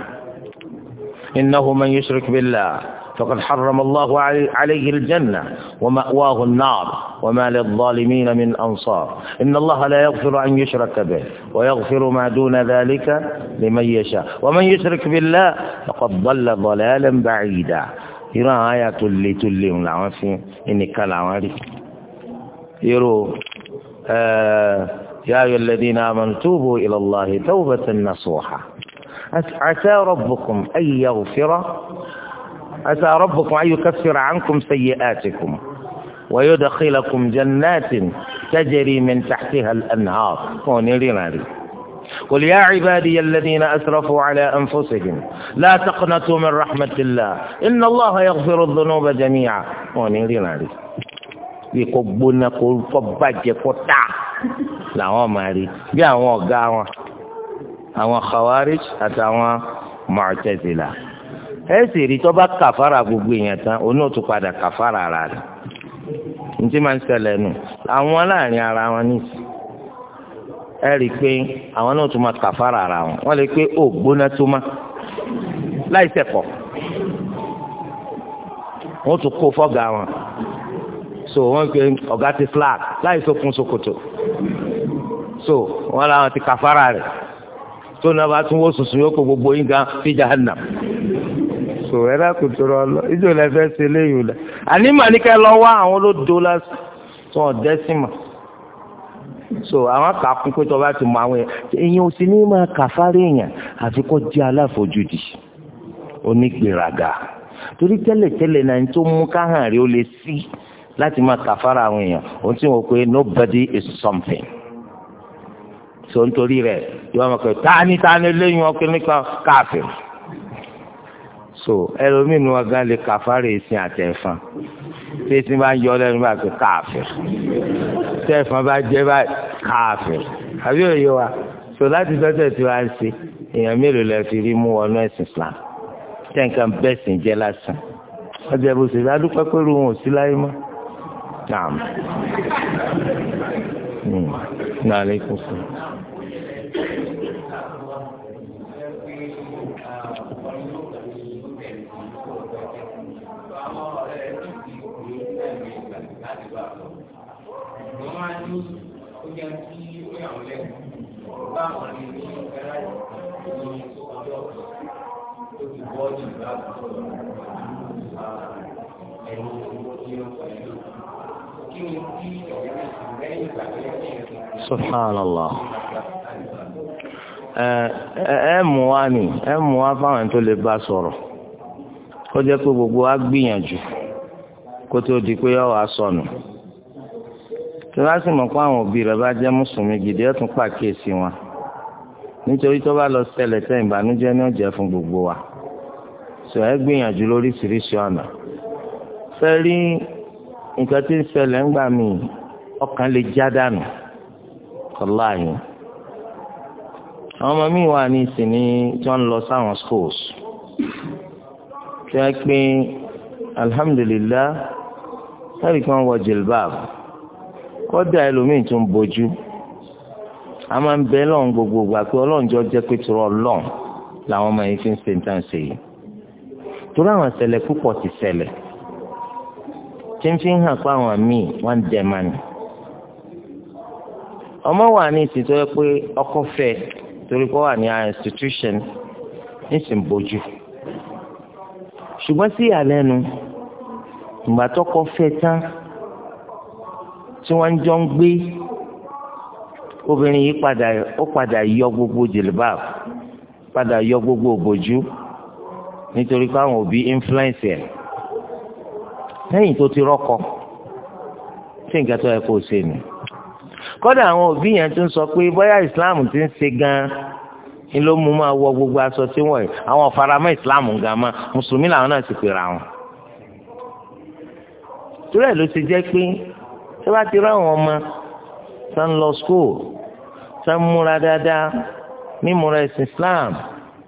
إنه من يشرك بالله فقد حرم الله عليه الجنة ومأواه النار وما للظالمين من أنصار إن الله لا يغفر أن يشرك به ويغفر ما دون ذلك لمن يشاء ومن يشرك بالله فقد ضل ضلالا بعيدا إيران آية تلي تلي من في إني كالعوان يرو آه، يا أيها الذين آمنوا توبوا إلى الله توبة نصوحة عسى ربكم أن يغفر عسى ربكم أن يكفر عنكم سيئاتكم ويدخلكم جنات تجري من تحتها الأنهار قل يا عبادي الذين أسرفوا على أنفسهم لا تقنطوا من رحمة الله إن الله يغفر الذنوب جميعا ونيرنا bí kò gbóná kò fọ bàjẹ́ kò tà làwọn máa rí bí àwọn ọ̀gá wọn àwọn khawarij àtàwọn mọ̀tẹ́sílà ẹ sì rí tó bá kàfàrà gbogbo èèyàn tán oní òtún padà kàfàrà ara rẹ̀ ntí máa ń ṣẹlẹ̀ nù àwọn láàrin ara wọn ní ẹ rí i pé àwọn náà tún máa kàfàrà ara wọn wọ́n lè pé ó gbóná tó má láì sẹ̀kọ̀ wọ́n tún kó fọ́gà wọn so wọ́n pe ọ̀gá ti flag láì sókun ṣòkòtò so wọ́n làwọn ti kàfàrà rẹ̀ tó náà bá tún wó sùsù yóò kó gbogbo yín gan fi jahannam so ẹ dákun tó rọ lọ ìjọ lẹ fẹ́ ṣe léyìn lẹ àní màníkẹ lọ wá àwọn olódo lásán tó ọdẹ sí mà so àwọn kàkún pé tó bá ti mọ àwọn yẹn èyàn ò sì ní máa kàfàrà èèyàn àfi kó jẹ aláfojúdi onígbèraga torí tẹ́lẹ̀tẹ́lẹ̀ náà ní tó mú káhàn rí ó lè sí láti máa kàfàrà àwọn èèyàn òun tí wọn pe nobody is something so nítorí rẹ̀ yóò máa pẹ tani tani lẹ́yìn ọkùnrin kan káàfin so ẹlòmínú ọgá lè kàfàrà èsì àtẹ̀fọn tẹ́sí máa ń yọ lẹ́nu bá pé káàfin tẹ́fọn bá jẹ́ báyìí káàfin àbí òye wa so láti sọ́tẹ̀ tí wàá ń ṣe èèyàn mélòó lè fi rí mú wọnú ẹ̀sìn Islam tẹ́ǹkan bẹ́ẹ̀ sì ń jẹ́ lásán ọjà ìbùsùn ìdádúpẹ́ pẹ̀lú wọn ò sí láyé mọ́. Naam. Hmm. Nàlẹ́ kùsùn. subhanallah ẹ mú wa ni ẹ mú wa fáwọn tó lè bá sọ̀rọ̀ ó jẹ́ pé gbogbo wa gbìyànjú kó tó di pé ọ̀ wá sọnù tí wọ́n á sì mọ̀ pé àwọn òbí rẹ̀ bá jẹ́ mùsùlùmí gidi ẹ̀ tún pàkíyèsí wọn nítorí tó bá lọ ṣẹlẹ̀ tẹ́ ìbànújẹ́ ní ọ̀jẹ̀ fún nǹkan tí ń ṣẹlẹ̀ ńgbà míì ọkàn lè já dànù sallallahu yẹn àwọn ọmọ mi wà ní ìsìnì tí wọ́n lọ sáwọn schools tí wọ́n pè alhamdulillah lórí kí wọ́n wọ jilbab kódà ẹlòmíì tún bojú, a máa ń bẹ lọ́n gbogbo gbà pé ọlọ́njọ́ jẹ́ pé tòrọ lọ́n làwọn ọmọ yìí fi ń ṣe nǹkan ṣe yìí torí àwọn ìṣẹ̀lẹ̀ púpọ̀ ti ṣẹlẹ̀ tí ń fi hàn pé àwọn míì wọ́n ń dẹ̀ máa ọmọ wà ní ìsìtọ́ yẹ pé ọkọ fẹ́ torí kọ́ wà ní institution nísìn bójú ṣùgbọ́n sí ìyàlẹ́nu ìgbà tọkọ fẹ́ tán tí wọ́n jọ ń gbé obìnrin yìí padà ó padà yọ gbogbo jìlìbáà padà yọ gbogbo òbòjú nítorí pé àwọn òbí influence ẹ̀ lẹ́yìn tó ti rọ́kọ tí nǹkan tó yẹ kó o ṣe nìyẹn kọ́dà àwọn òbí yẹn tún sọ pé bóyá islam ti ń ṣe gan ni ló mú máa wọ gbogbo aṣọ tí wọ́n àwọn ọ̀faramọ́ islam gan mọ́ mùsùlùmí làwọn náà sì pèrè àwọn. torí ẹ̀ ló ti jẹ́ pé tí wọ́n ti rá àwọn ọmọ tá ń lọ school tá ń múra dáadáa mímúra ẹ̀sìn islam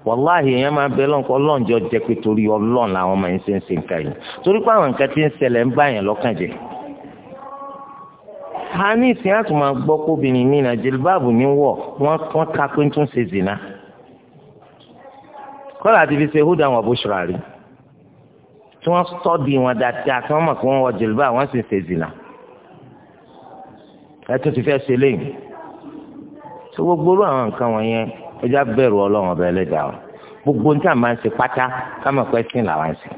wàláhì èèyàn máa bẹ lọ́nkọ́ ọlọ́njọ́ jẹ́ pé torí ọlọ́run làwọn máa ń ṣe ń ṣe nǹkan yìí torí pé àwọn nǹkan ti ń ṣẹlẹ̀ ń bá yẹn lọ́kàn jẹ́ a ní a àtún máa gbọ́ kóbìnrin mi náà jìlbáàbù ní wọ̀ wọ́n wọ́n ka pé tún ṣe zìnà kọ́lá àti fi ṣe húdà wọn bó ṣọra rí tí wọ́n sọ́ọ̀dì wọn dáadáa tí wọ́n mọ̀ pé wọ́n wọ jìlbáàbù wọ́n sì ṣe zìnà ẹ tún ti fẹ́ ṣe léyìn tó gbogbo orú àwọn nǹkan wọ̀nyẹn ẹjá bẹ̀rù ọlọ́run ọba ẹlẹ́dàá o gbogbo ní àmà ń ṣe pátá ká mọ̀ pé ẹ̀sìn làwọn ṣe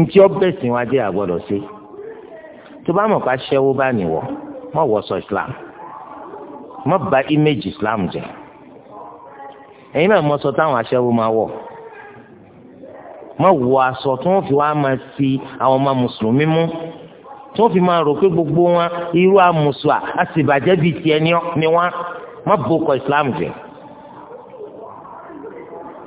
ntí ọbẹ̀ sìn wájú àgbọ̀dọ̀ ṣe tó bá mọ̀ ká ṣẹ́wó bá nìwọ mọ̀ wọ sọ islam mọ̀ bà image islam jẹ́ ẹ̀yin náà mọ̀ sọ táwọn aṣẹ́wó máa wọ̀ mọ̀ wọ aṣọ tí wọ́n fi wá máa fi àwọn ọmọ mùsùlùmí mú tí wọ́n fi máa rò pé gbogbo wọn irú àmùsùà àṣìbàjẹ́ bíi tiẹ̀ ni wọ́n mọ̀ bòkọ islam jẹ́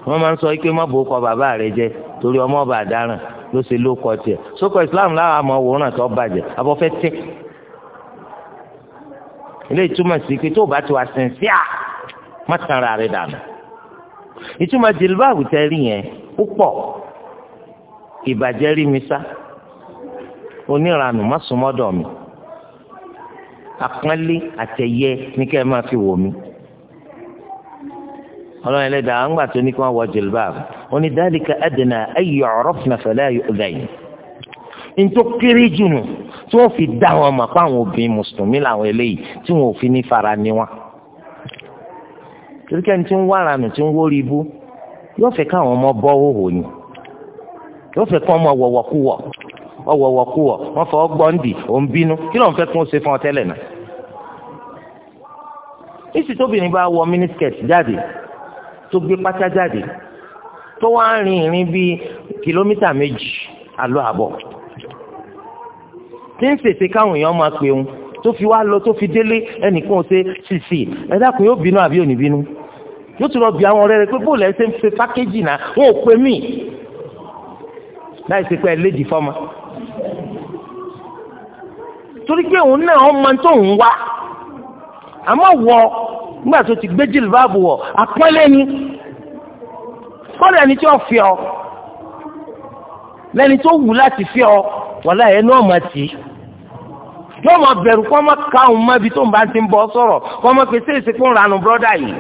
wọ́n máa ń sọ pé mọ̀ bòkọ bàbá rẹ̀ jẹ́ torí ọmọ ọba àdáràn ló ṣe ló kọ tiẹ̀ sókò islam láwọn àmọ́ òwúrọ̀ tó bàjẹ́ abọ́fẹ́ tẹ́ ilé ìtumọ̀ sí pé tó o bá ti wá sẹ̀nsì à má tanra rẹ̀ dànù ìtumọ̀ jìlbáàbù tẹ́ rí yẹn púpọ̀ ìbàjẹ́ rí mi sá oníranù má súnmọ́dọ̀ mi àpọ́nlé àtẹ̀yẹ ní kẹ́ ẹ máa fi wò mí ọlọ́run ẹlẹ́dàá ńgbà tó ní kí wọ́n wọ jìlbáàbù ó ní dhalika adnā an yu'rafna falā yu'dhayn ní tó kéré jù nù tí wọ́n fi dá wọn mọ̀ pé àwọn obìnrin mùsùlùmí làwọn eléyìí tí wọn ò fi ní fara ní wọn. torí kẹ́ni tí ń wá ara nù tí ń wórí ibú yóò fẹ́ káwọn ọmọ bọ́ òhò ni yóò fẹ́ kọ́ ọmọ wọ̀wọ̀kúwọ̀ ọwọ̀wọ̀kúwọ̀ wọ́n fọ́ gbọ́ǹdì òun bínú kí ló fẹ́ kí wọ́n ṣe fún ọ náà. ìsì bá wọ mínísítẹ̀tì jáde tó gbé pátá jáde tó wá ń rin ìrìn bíi kìlómítà méjì àlọ àbọ̀ tí ń ṣèṣe káwọn èèyàn máa pe òun tó fi wá lọ tó fi délé ẹnìkan ṣe ṣìṣì ẹ dákun yóò bínú àbí òní bínú yóò tún lọ bí àwọn ọ̀rẹ́ rẹ pé bóòlù ẹsẹ̀ ń ṣe pákéjì náà wọn ò pe mí láì ṣe pé ẹ léjì fọ́mọ torí pé òun náà ọmọ tó wá àmọ́ wọ nígbà tó ti gbé jìlbáàbù wọ̀ àpọ́nlé ni kọ́lẹ̀ ẹni tí ó fi ọ lẹ́ni tó wù láti fi ọ wàlá ẹ̀ náà mà tì í yóò máa bẹ̀rù kó má ka òun má bi tó ń bá ti ń bọ́ sọ̀rọ̀ kó má pèsè ìsìnkú ńlanu bọ́dà yìí.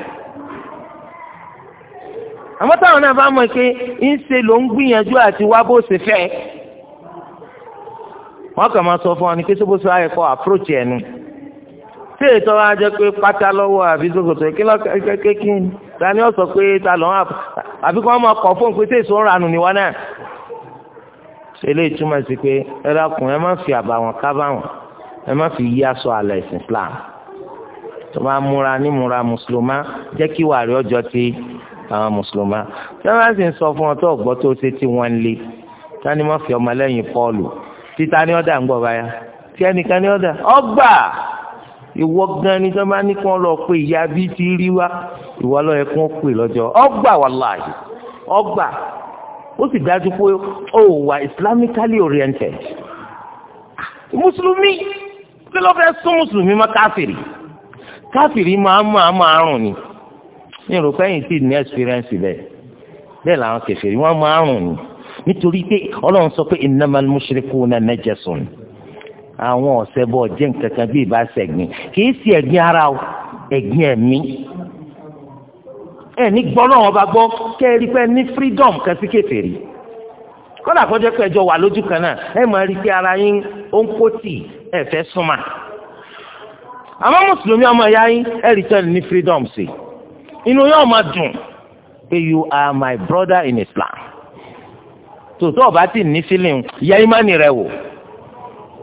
àmọ́ táwọn náà bá mọ̀ pé ń ṣe ló ń gbìyànjú àti wá bó ṣe fẹ́. wọ́n kàn máa sọ fún ọ ní pé sọ́bọ́sọ́ ayẹ̀kọ́ àpúròtì ẹ̀nu tí ètò wa jẹ́ pé pátá lọ́wọ́ àbí ṣòkòtò kékeré tani ó sọ pé ta lọ́wọ́ àbí kí wọ́n máa kọ̀ fóun pé tèso ń ranù níwọ́n náà eléyìí túmọ̀ sí pé ẹ dákun ẹ má fi àbàwọ́n kábàwọ́n ẹ má fi yí aṣọ àlẹ́ ìsìn Islam tó bá múra nímúra mùsùlùmá jẹ́ kí wàá rí ọjọ́ ti àwọn mùsùlùmá tí wọ́n bá sì ń sọ fún ọ tó ọ̀gbọ́ tó ṣe tí wọ́n ń le tani má fi ọmọ Pọ́ọ̀lù títa ní ọ̀dà ń gbọ̀ báyà tí ẹnìkan ní ọ̀dà ọgbà ìwọ gan ni sọ ma ní kí wọ́n lọ pé ìyá bí ti rí wa ìwọ lọ yẹ kí wọ́n pè lọ́jọ́ ọgbà wàláhì ọgbà ó sì dájú pé ó wà islamically oriented mùsùlùmí kí ló fẹ́ sún mùsùlùmí mọ́ káfìrí káfìrí máa ń máa máa rùn ni ní ìròpẹ́yìn tí ní experience bẹ́ẹ̀ bẹ́ẹ̀ làwọn kẹfìrí wọ́n máa rùn ni nítorí pé ọlọ́run sọ pé innamal mushrikuna najasun ni àwọn ọ̀sẹ̀ bọ̀ jẹ́ nǹkan kan bí ìbá sẹ̀gbìn kì sí ẹ̀gbin ara o ẹ̀gbin ẹ̀mí ẹ̀ ní gbọ́ náà wọ́n bá gbọ́ kẹ́ ẹ rí pé ní freedom kan sí kèfèrí kọ́dà kọjá pé ẹjọ́ wà lójú kan náà ẹ máa rí pé ara yín ó ń kó tì ẹ fẹ́ súnmà àmọ́ mùsùlùmí ọmọ ìyá yín ẹ rí tẹ́lẹ̀ ní freedom sí inú yóò máa dùn pé you are my brother in Islam tòótọ́ ọ̀bá tì ní feeling yẹ ìmánì rẹ wò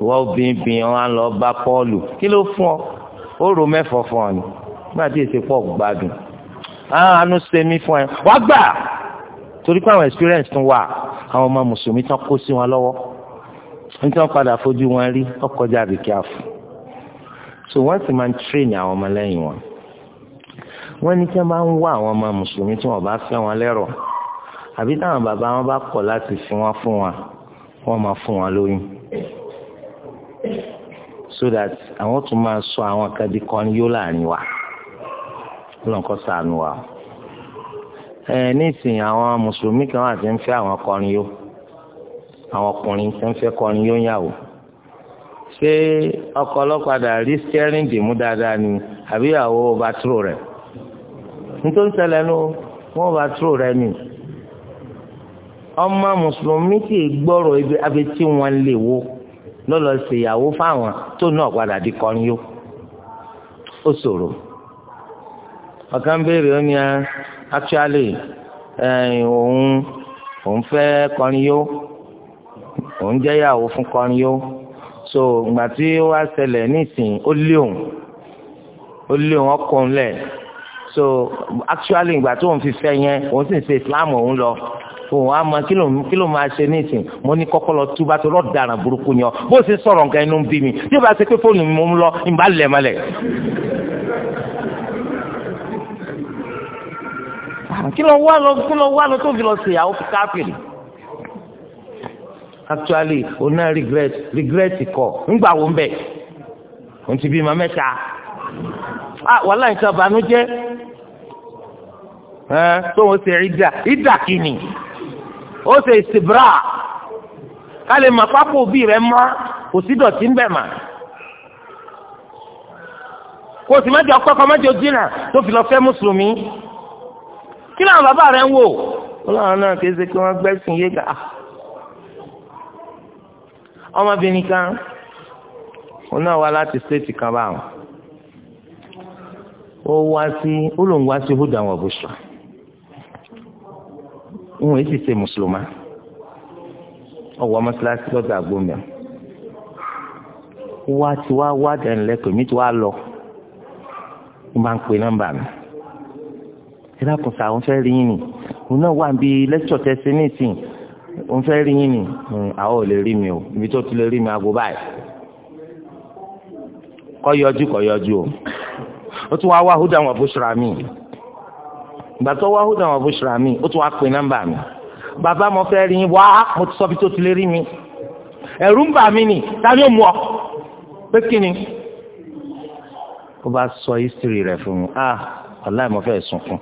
wọ́n bínbín wọn lọ bá pọ́ọ̀lù kí ló fún ọ ó rò mẹ́fọ̀ fún ọ ni nígbà tí èsì pọ̀ gbádùn àánú ṣe mí fún ẹ wá gbà torí pé àwọn experience tún wà àwọn ọmọ mùsùlùmí tán kó sí wọn lọ́wọ́ nítorí wọn padà fojú wọn rí ọkọjá àbíkí àfọ so wọ́n sì máa ń train àwọn ọmọ lẹ́yìn wọn wọ́n ní kí wọ́n bá ń wá àwọn ọmọ mùsùlùmí tí wọ́n bá fẹ́ wọn lẹ́rọ̀ àbí táwọn bàbá wọn bá kọ̀ láti fi wọn fún wọn wọ́n máa fún wọn lóyún so that àwọn tún máa sọ àwọn kan di kan yóò láàrin wa lọ́nkọ́ sànù wa ẹ nísìnyí àwọn mùsùlùmí kan wà tí ń fẹ́ àwọn kọrin yó àwọn ọkùnrin tí ń fẹ́ kọrin yó ń yàwó ṣé ọkọ ọlọ́padà rí steering dìmú dáadáa ni àbí ìyàwó bàtúrò rẹ̀ nítorí ṣẹlẹ̀ nu wọ́n bàtúrò rẹ̀ ni ọmọ mùsùlùmí kì í gbọ́rọ̀ ibi abẹ́tí wọn lè wo lọ́lọ́ ṣèyàwó fáwọn tó náà padà di kọrin yó ó ṣòro ọ̀kan béèrè ó ní ẹ ah, actually eh, òun òun fẹ́ kọrin yó òun jẹ́yàwó fún kọrin yó so ìgbà tí ó wá ṣẹlẹ̀ nísìnyí ó lé òun ó lé òun ọkùnrin lẹ̀ so actually ìgbà tó òun fi fẹ́ yẹn òun sì ń ṣe Islam òun lọ òun á mọ kí ló kí ló máa ṣe nísìn mo ní kọ́kọ́ lọ túbà tó lọ́ọ́ dara burúkú yan bó ṣe sọ̀rọ̀ nǹkan inú bí mi tí o bá ṣe pé fóònù mi mo ń lọ ìbá lẹ̀ mọ́lẹ̀. Ah, kí ló wá lọ kí ló wá lọ tó fi lọ sí ìyàwó káfíìrì. actually òun náà regret regret kọ ńgbà wo ń bẹ̀ òun ti bímọ mẹ́ta ah wàhálà nǹkan ìbànújẹ́ ẹ tó wọn ṣe ìdà ìdà kìíní ó ṣe ìsìbra ká lè mọ pápá òbí rẹ mọ́ kò sí dọ̀tí ń bẹ̀ mà kò sì má jẹ ọkọ kan má jẹ ojúnà tó fi lọ fẹ́ mùsùlùmí kí làwọn bàbá rẹ ń wò ó láwọn náà kì í ṣe kí wọ́n gbẹ́sìn yé gà ọmọbìnrin kan òun náà wá láti stéètì kan báwọn ó wá sí ó lòun wá sí húdà wọn bùsùn òun èsì ṣe mùsùlùmá ọwọ́ mọ́ṣáláṣí lọ́dọ̀ àgbọ̀mọ̀ wá tí wá wá dẹ̀nlẹ́kọ̀ọ́ mi tí wá lọ ó máa ń pe nọ́mbà mi ẹ dákun sá òun fẹ́ rí yín ni òun náà wà bí lẹ́kítọ̀ tẹ̀sí ní ìsìn òun fẹ́ rí yín ni àwọn ò lè rí mi o ibi tó ti lè rí mi aago báyìí kọ́ yọjú kọ́ yọjú o ó tún wá wá húdà wọn bó ṣra mi ìgbà tó wá húdà wọn bushra mi ó tún wá pè nọ́mbà mi bàbá mo fẹ́ rí wá mo ti sọ fi tó ti lè rí mi ẹ̀rù ń bà mí nì tàbí òmu pé kí ni ó bá sọ history rẹ̀ fún mi ah wàláì mo fẹ́ sunkún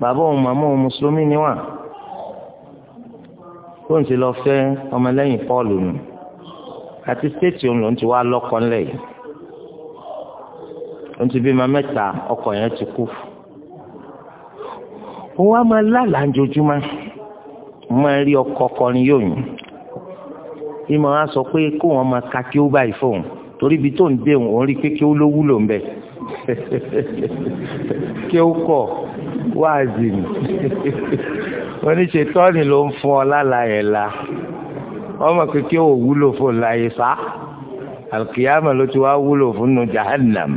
bàbá òun màmá òun mùsùlùmí ni wà ó ń ti lọ fẹ́ ọmọlẹ́yìn pọ́ọ̀lù nù àti stéètì òun lòún ti wá lọ́kọ́ ńlẹ̀ yìí ó ń ti bímọ mẹ́ta ọkọ yẹn ti kú fún òun á máa lálàá njojúmọ́ máa rí ọkọ kọrin yóò yùn bí mo á sọ pé kó wọn máa ka kí ó báyìí fóun torí ibi tó ń dé òun òun rí pé kí ó ló wúlò ń bẹ kí ó kọ wáàzì ni oníṣetọ́ni ló ń fún ọ lálàyé la wọ́n mọ̀ pé kí ó wúlò fún láyé sá àlùkìyàmọ̀ ló ti wá wúlò fún nu jahannam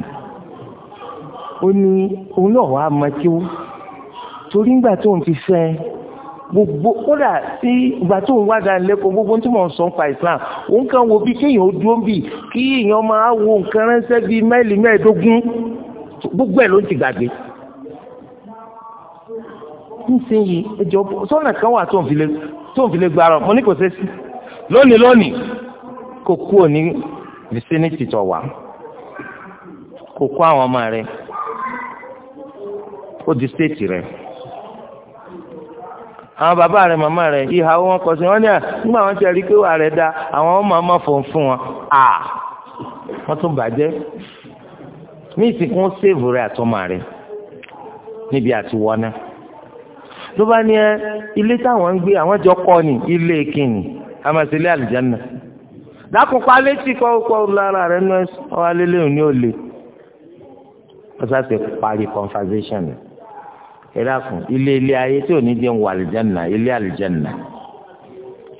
ó ní òun náà wàá mọ kí ó torí ńgbà tó ń fi fẹ́ gbogbo kódà tí ìgbà tó ń wá lẹ́kọ̀ọ́ gbogbo tí mò ń sọ nípa Islam òun kàn wo bí kéèyàn ó dúró bì kí èèyàn máa wo nǹkan ránṣẹ́ bíi máìlì mẹ́ẹ̀ẹ́dógún gbogbo ẹ̀ ló ń ti gbàgbé nísìnyí ẹjọ sọ́nà kan wà tó ń file tó ń file gbàrọ̀ mo ní kò ṣe sí lónìí lónìí kò kú òní vicinity tó wà kò kó àwọn ọmọ rẹ ó di stéètì rẹ àwọn bàbá rẹ̀ màmá rẹ̀ ìhà wọn kọ sí wọn ní à nígbà wọn ti rí pé wà rẹ̀ da àwọn ọmọ ọmọ fòun fún wọn à wọn tún bàjẹ́ ní ìsìnkú sèvù rẹ̀ àtọmọ rẹ̀ níbi àtiwọ́ná ló bá ní ẹ ilé táwọn ń gbé àwọn jọ kọ́ ni ilé kìnnì àmàsílẹ̀ àlùjáná lákòókò alẹ́ tí kọ́kọ́ lára rẹ̀ nọ́ọ̀sì ọ̀hálẹ́lẹ́ òní ò le ọ̀sà ti parí conversation rẹ̀ ẹ dákun ilé ilé ayé tí ò ní jẹun wà àlìjánà ilé àlìjánà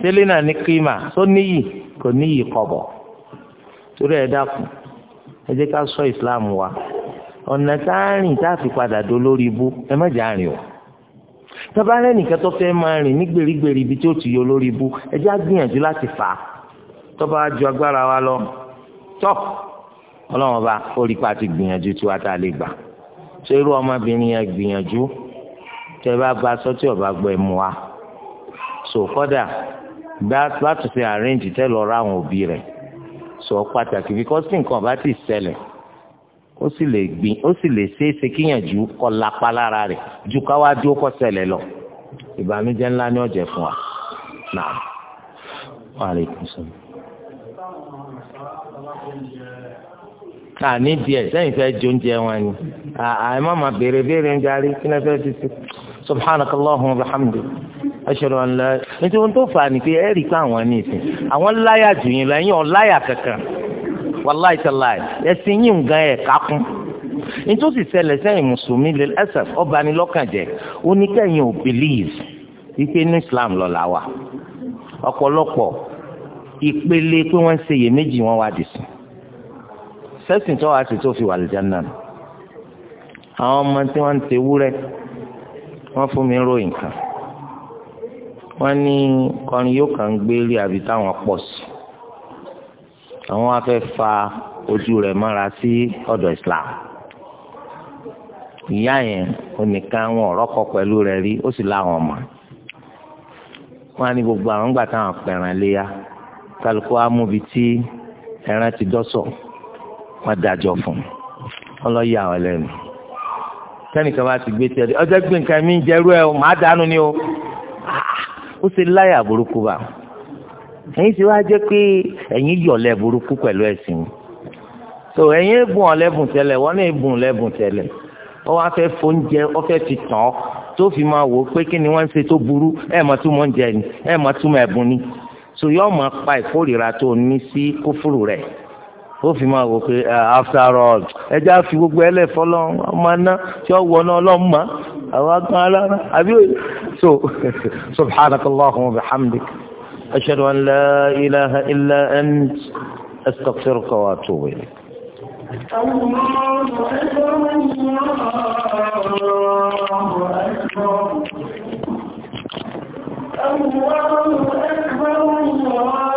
tẹ́lẹ̀ náà ní kírímà tó níyì kò níyì kọ̀bọ̀ torí ẹ dákun ẹ jẹ́ ká sọ islam wa ọ̀nà tá a rìn tá a fi padà dó lórí ibú ẹ má jà rìn o tabalẹ̀ nìkan tó fẹ́ máa rìn ní gbèrígbèrí ibi tí ó ti yọ lórí ibú ẹ jẹ́ á gbìyànjú láti fà á tọ́ba ju agbára wa lọ tọ́ ọlọ́run ọba ó pa ti gbìyànjú tí wàá tá a lè gbà ṣé irú ọmọbìnrin yẹn gbìyànjú tẹ bá ba sọ tí ọba gbọ́ ẹmu wa so kódà bá tún fi arrange tẹ lọ ra àwọn òbí rẹ̀ sọ pàtàkì because nǹkan ọba ti ṣẹlẹ̀ ó sì lè gbin ó sì lè ṣeéṣe kíyànjú kọ lápá lára rẹ̀ ju káwá dúró kọ ṣẹlẹ̀ lọ ìbànújẹ́ ńlá ni ọjẹ fún wa náà wà lè kú sọ. kà ní díẹ̀ sẹ́yìn fẹ́ jóúnjẹ wọn ni àìmọ́ máa béèrè béèrè ń darí kí ni fẹ́ fi ṣe subhanaka allahumma wa bihamdik ashhadu an la nítorí tó fà ní pé ẹ rí i pé àwọn ní ìsìn àwọn láyà jù yín lẹ́yìn ọ̀ láyà kankan wàláì tàláì ẹ̀sìn yìí ń gan ẹ̀ kákún nítòsí ṣẹlẹ̀ sẹ́yìn mùsùlùmí lè ẹsẹ̀ ọba ni lọ́kànjẹ́ oníkẹ́yìn ò believe wípé ní islam lọ́la wa ọ̀pọ̀lọpọ̀ ìpele pé wọ́n ń ṣe iyèméjì wọn wá dìsùn sẹ́sìn tó wá sí tó fi wà lìjánà àwọn ọmọ tí wọ́n ń tewúrẹ́ wọ́n fún mi ròyìn kan wọ́n ní kọrin yóò kàn ń gbélé àbí táwọn pọ̀ sí àwọn á fẹ́ fa ojú rẹ̀ mọ́ra sí ọ̀dọ̀ Islam ìyá yẹn onìkan wọn ọ̀rọ̀kọ pẹ̀lú rẹ̀ rí ó sì láwọn ọmọ wọn á ní gbogbo àwọn gbà táwọn pẹ̀ràn léyà kálukú á mú tí ẹran ti dọ́sọ̀ wọn dájọ́ fún un wọn lọ yà wọn lẹ́nu sẹ́nìkan bá ti gbé tiẹ̀ dé ọjọ́ gbé nǹkan mi ń jẹ́rú ẹ o màá dànù ni o ah, ó ṣe láyà burúkú bá ẹ̀yin ti wá jẹ́ pé ẹ̀yin yọ̀lẹ̀ burúkú pẹ̀lú ẹ̀sìn so ẹ̀yin bùn ọ̀lẹ́bùn tẹ́lẹ̀ wọ́n náà bùn ọ̀lẹ́bùn tẹ́lẹ̀ ó wá fẹ́ fóúnjẹ ó fẹ́ ti tàn ọ́ tó fi máa wò ó pé kí ni wọ́n ń ṣe tó burú ẹ̀ mọ̀ túmọ̀ oúnjẹ ni ẹ̀ mọ̀ túmọ̀ ẹ̀bùn ni so yọ́ọ̀ máa pa ìkórìíra tó ní sí kófúrú rẹ̀ ó fi máa wò pé ah, after all ẹjẹ́ á fi gbogbo ẹlẹ́fọ́ lọ́n ọmọ aná tí ó wọ̀ náà lọ́n mọ́ àwọn agbọ́n alára àbí òye so subhanakallahumma wa bihamdik ashhadu an la ilaha illa ant astaghfiruka wa atubu ilayk. الله أكبر الله أكبر الله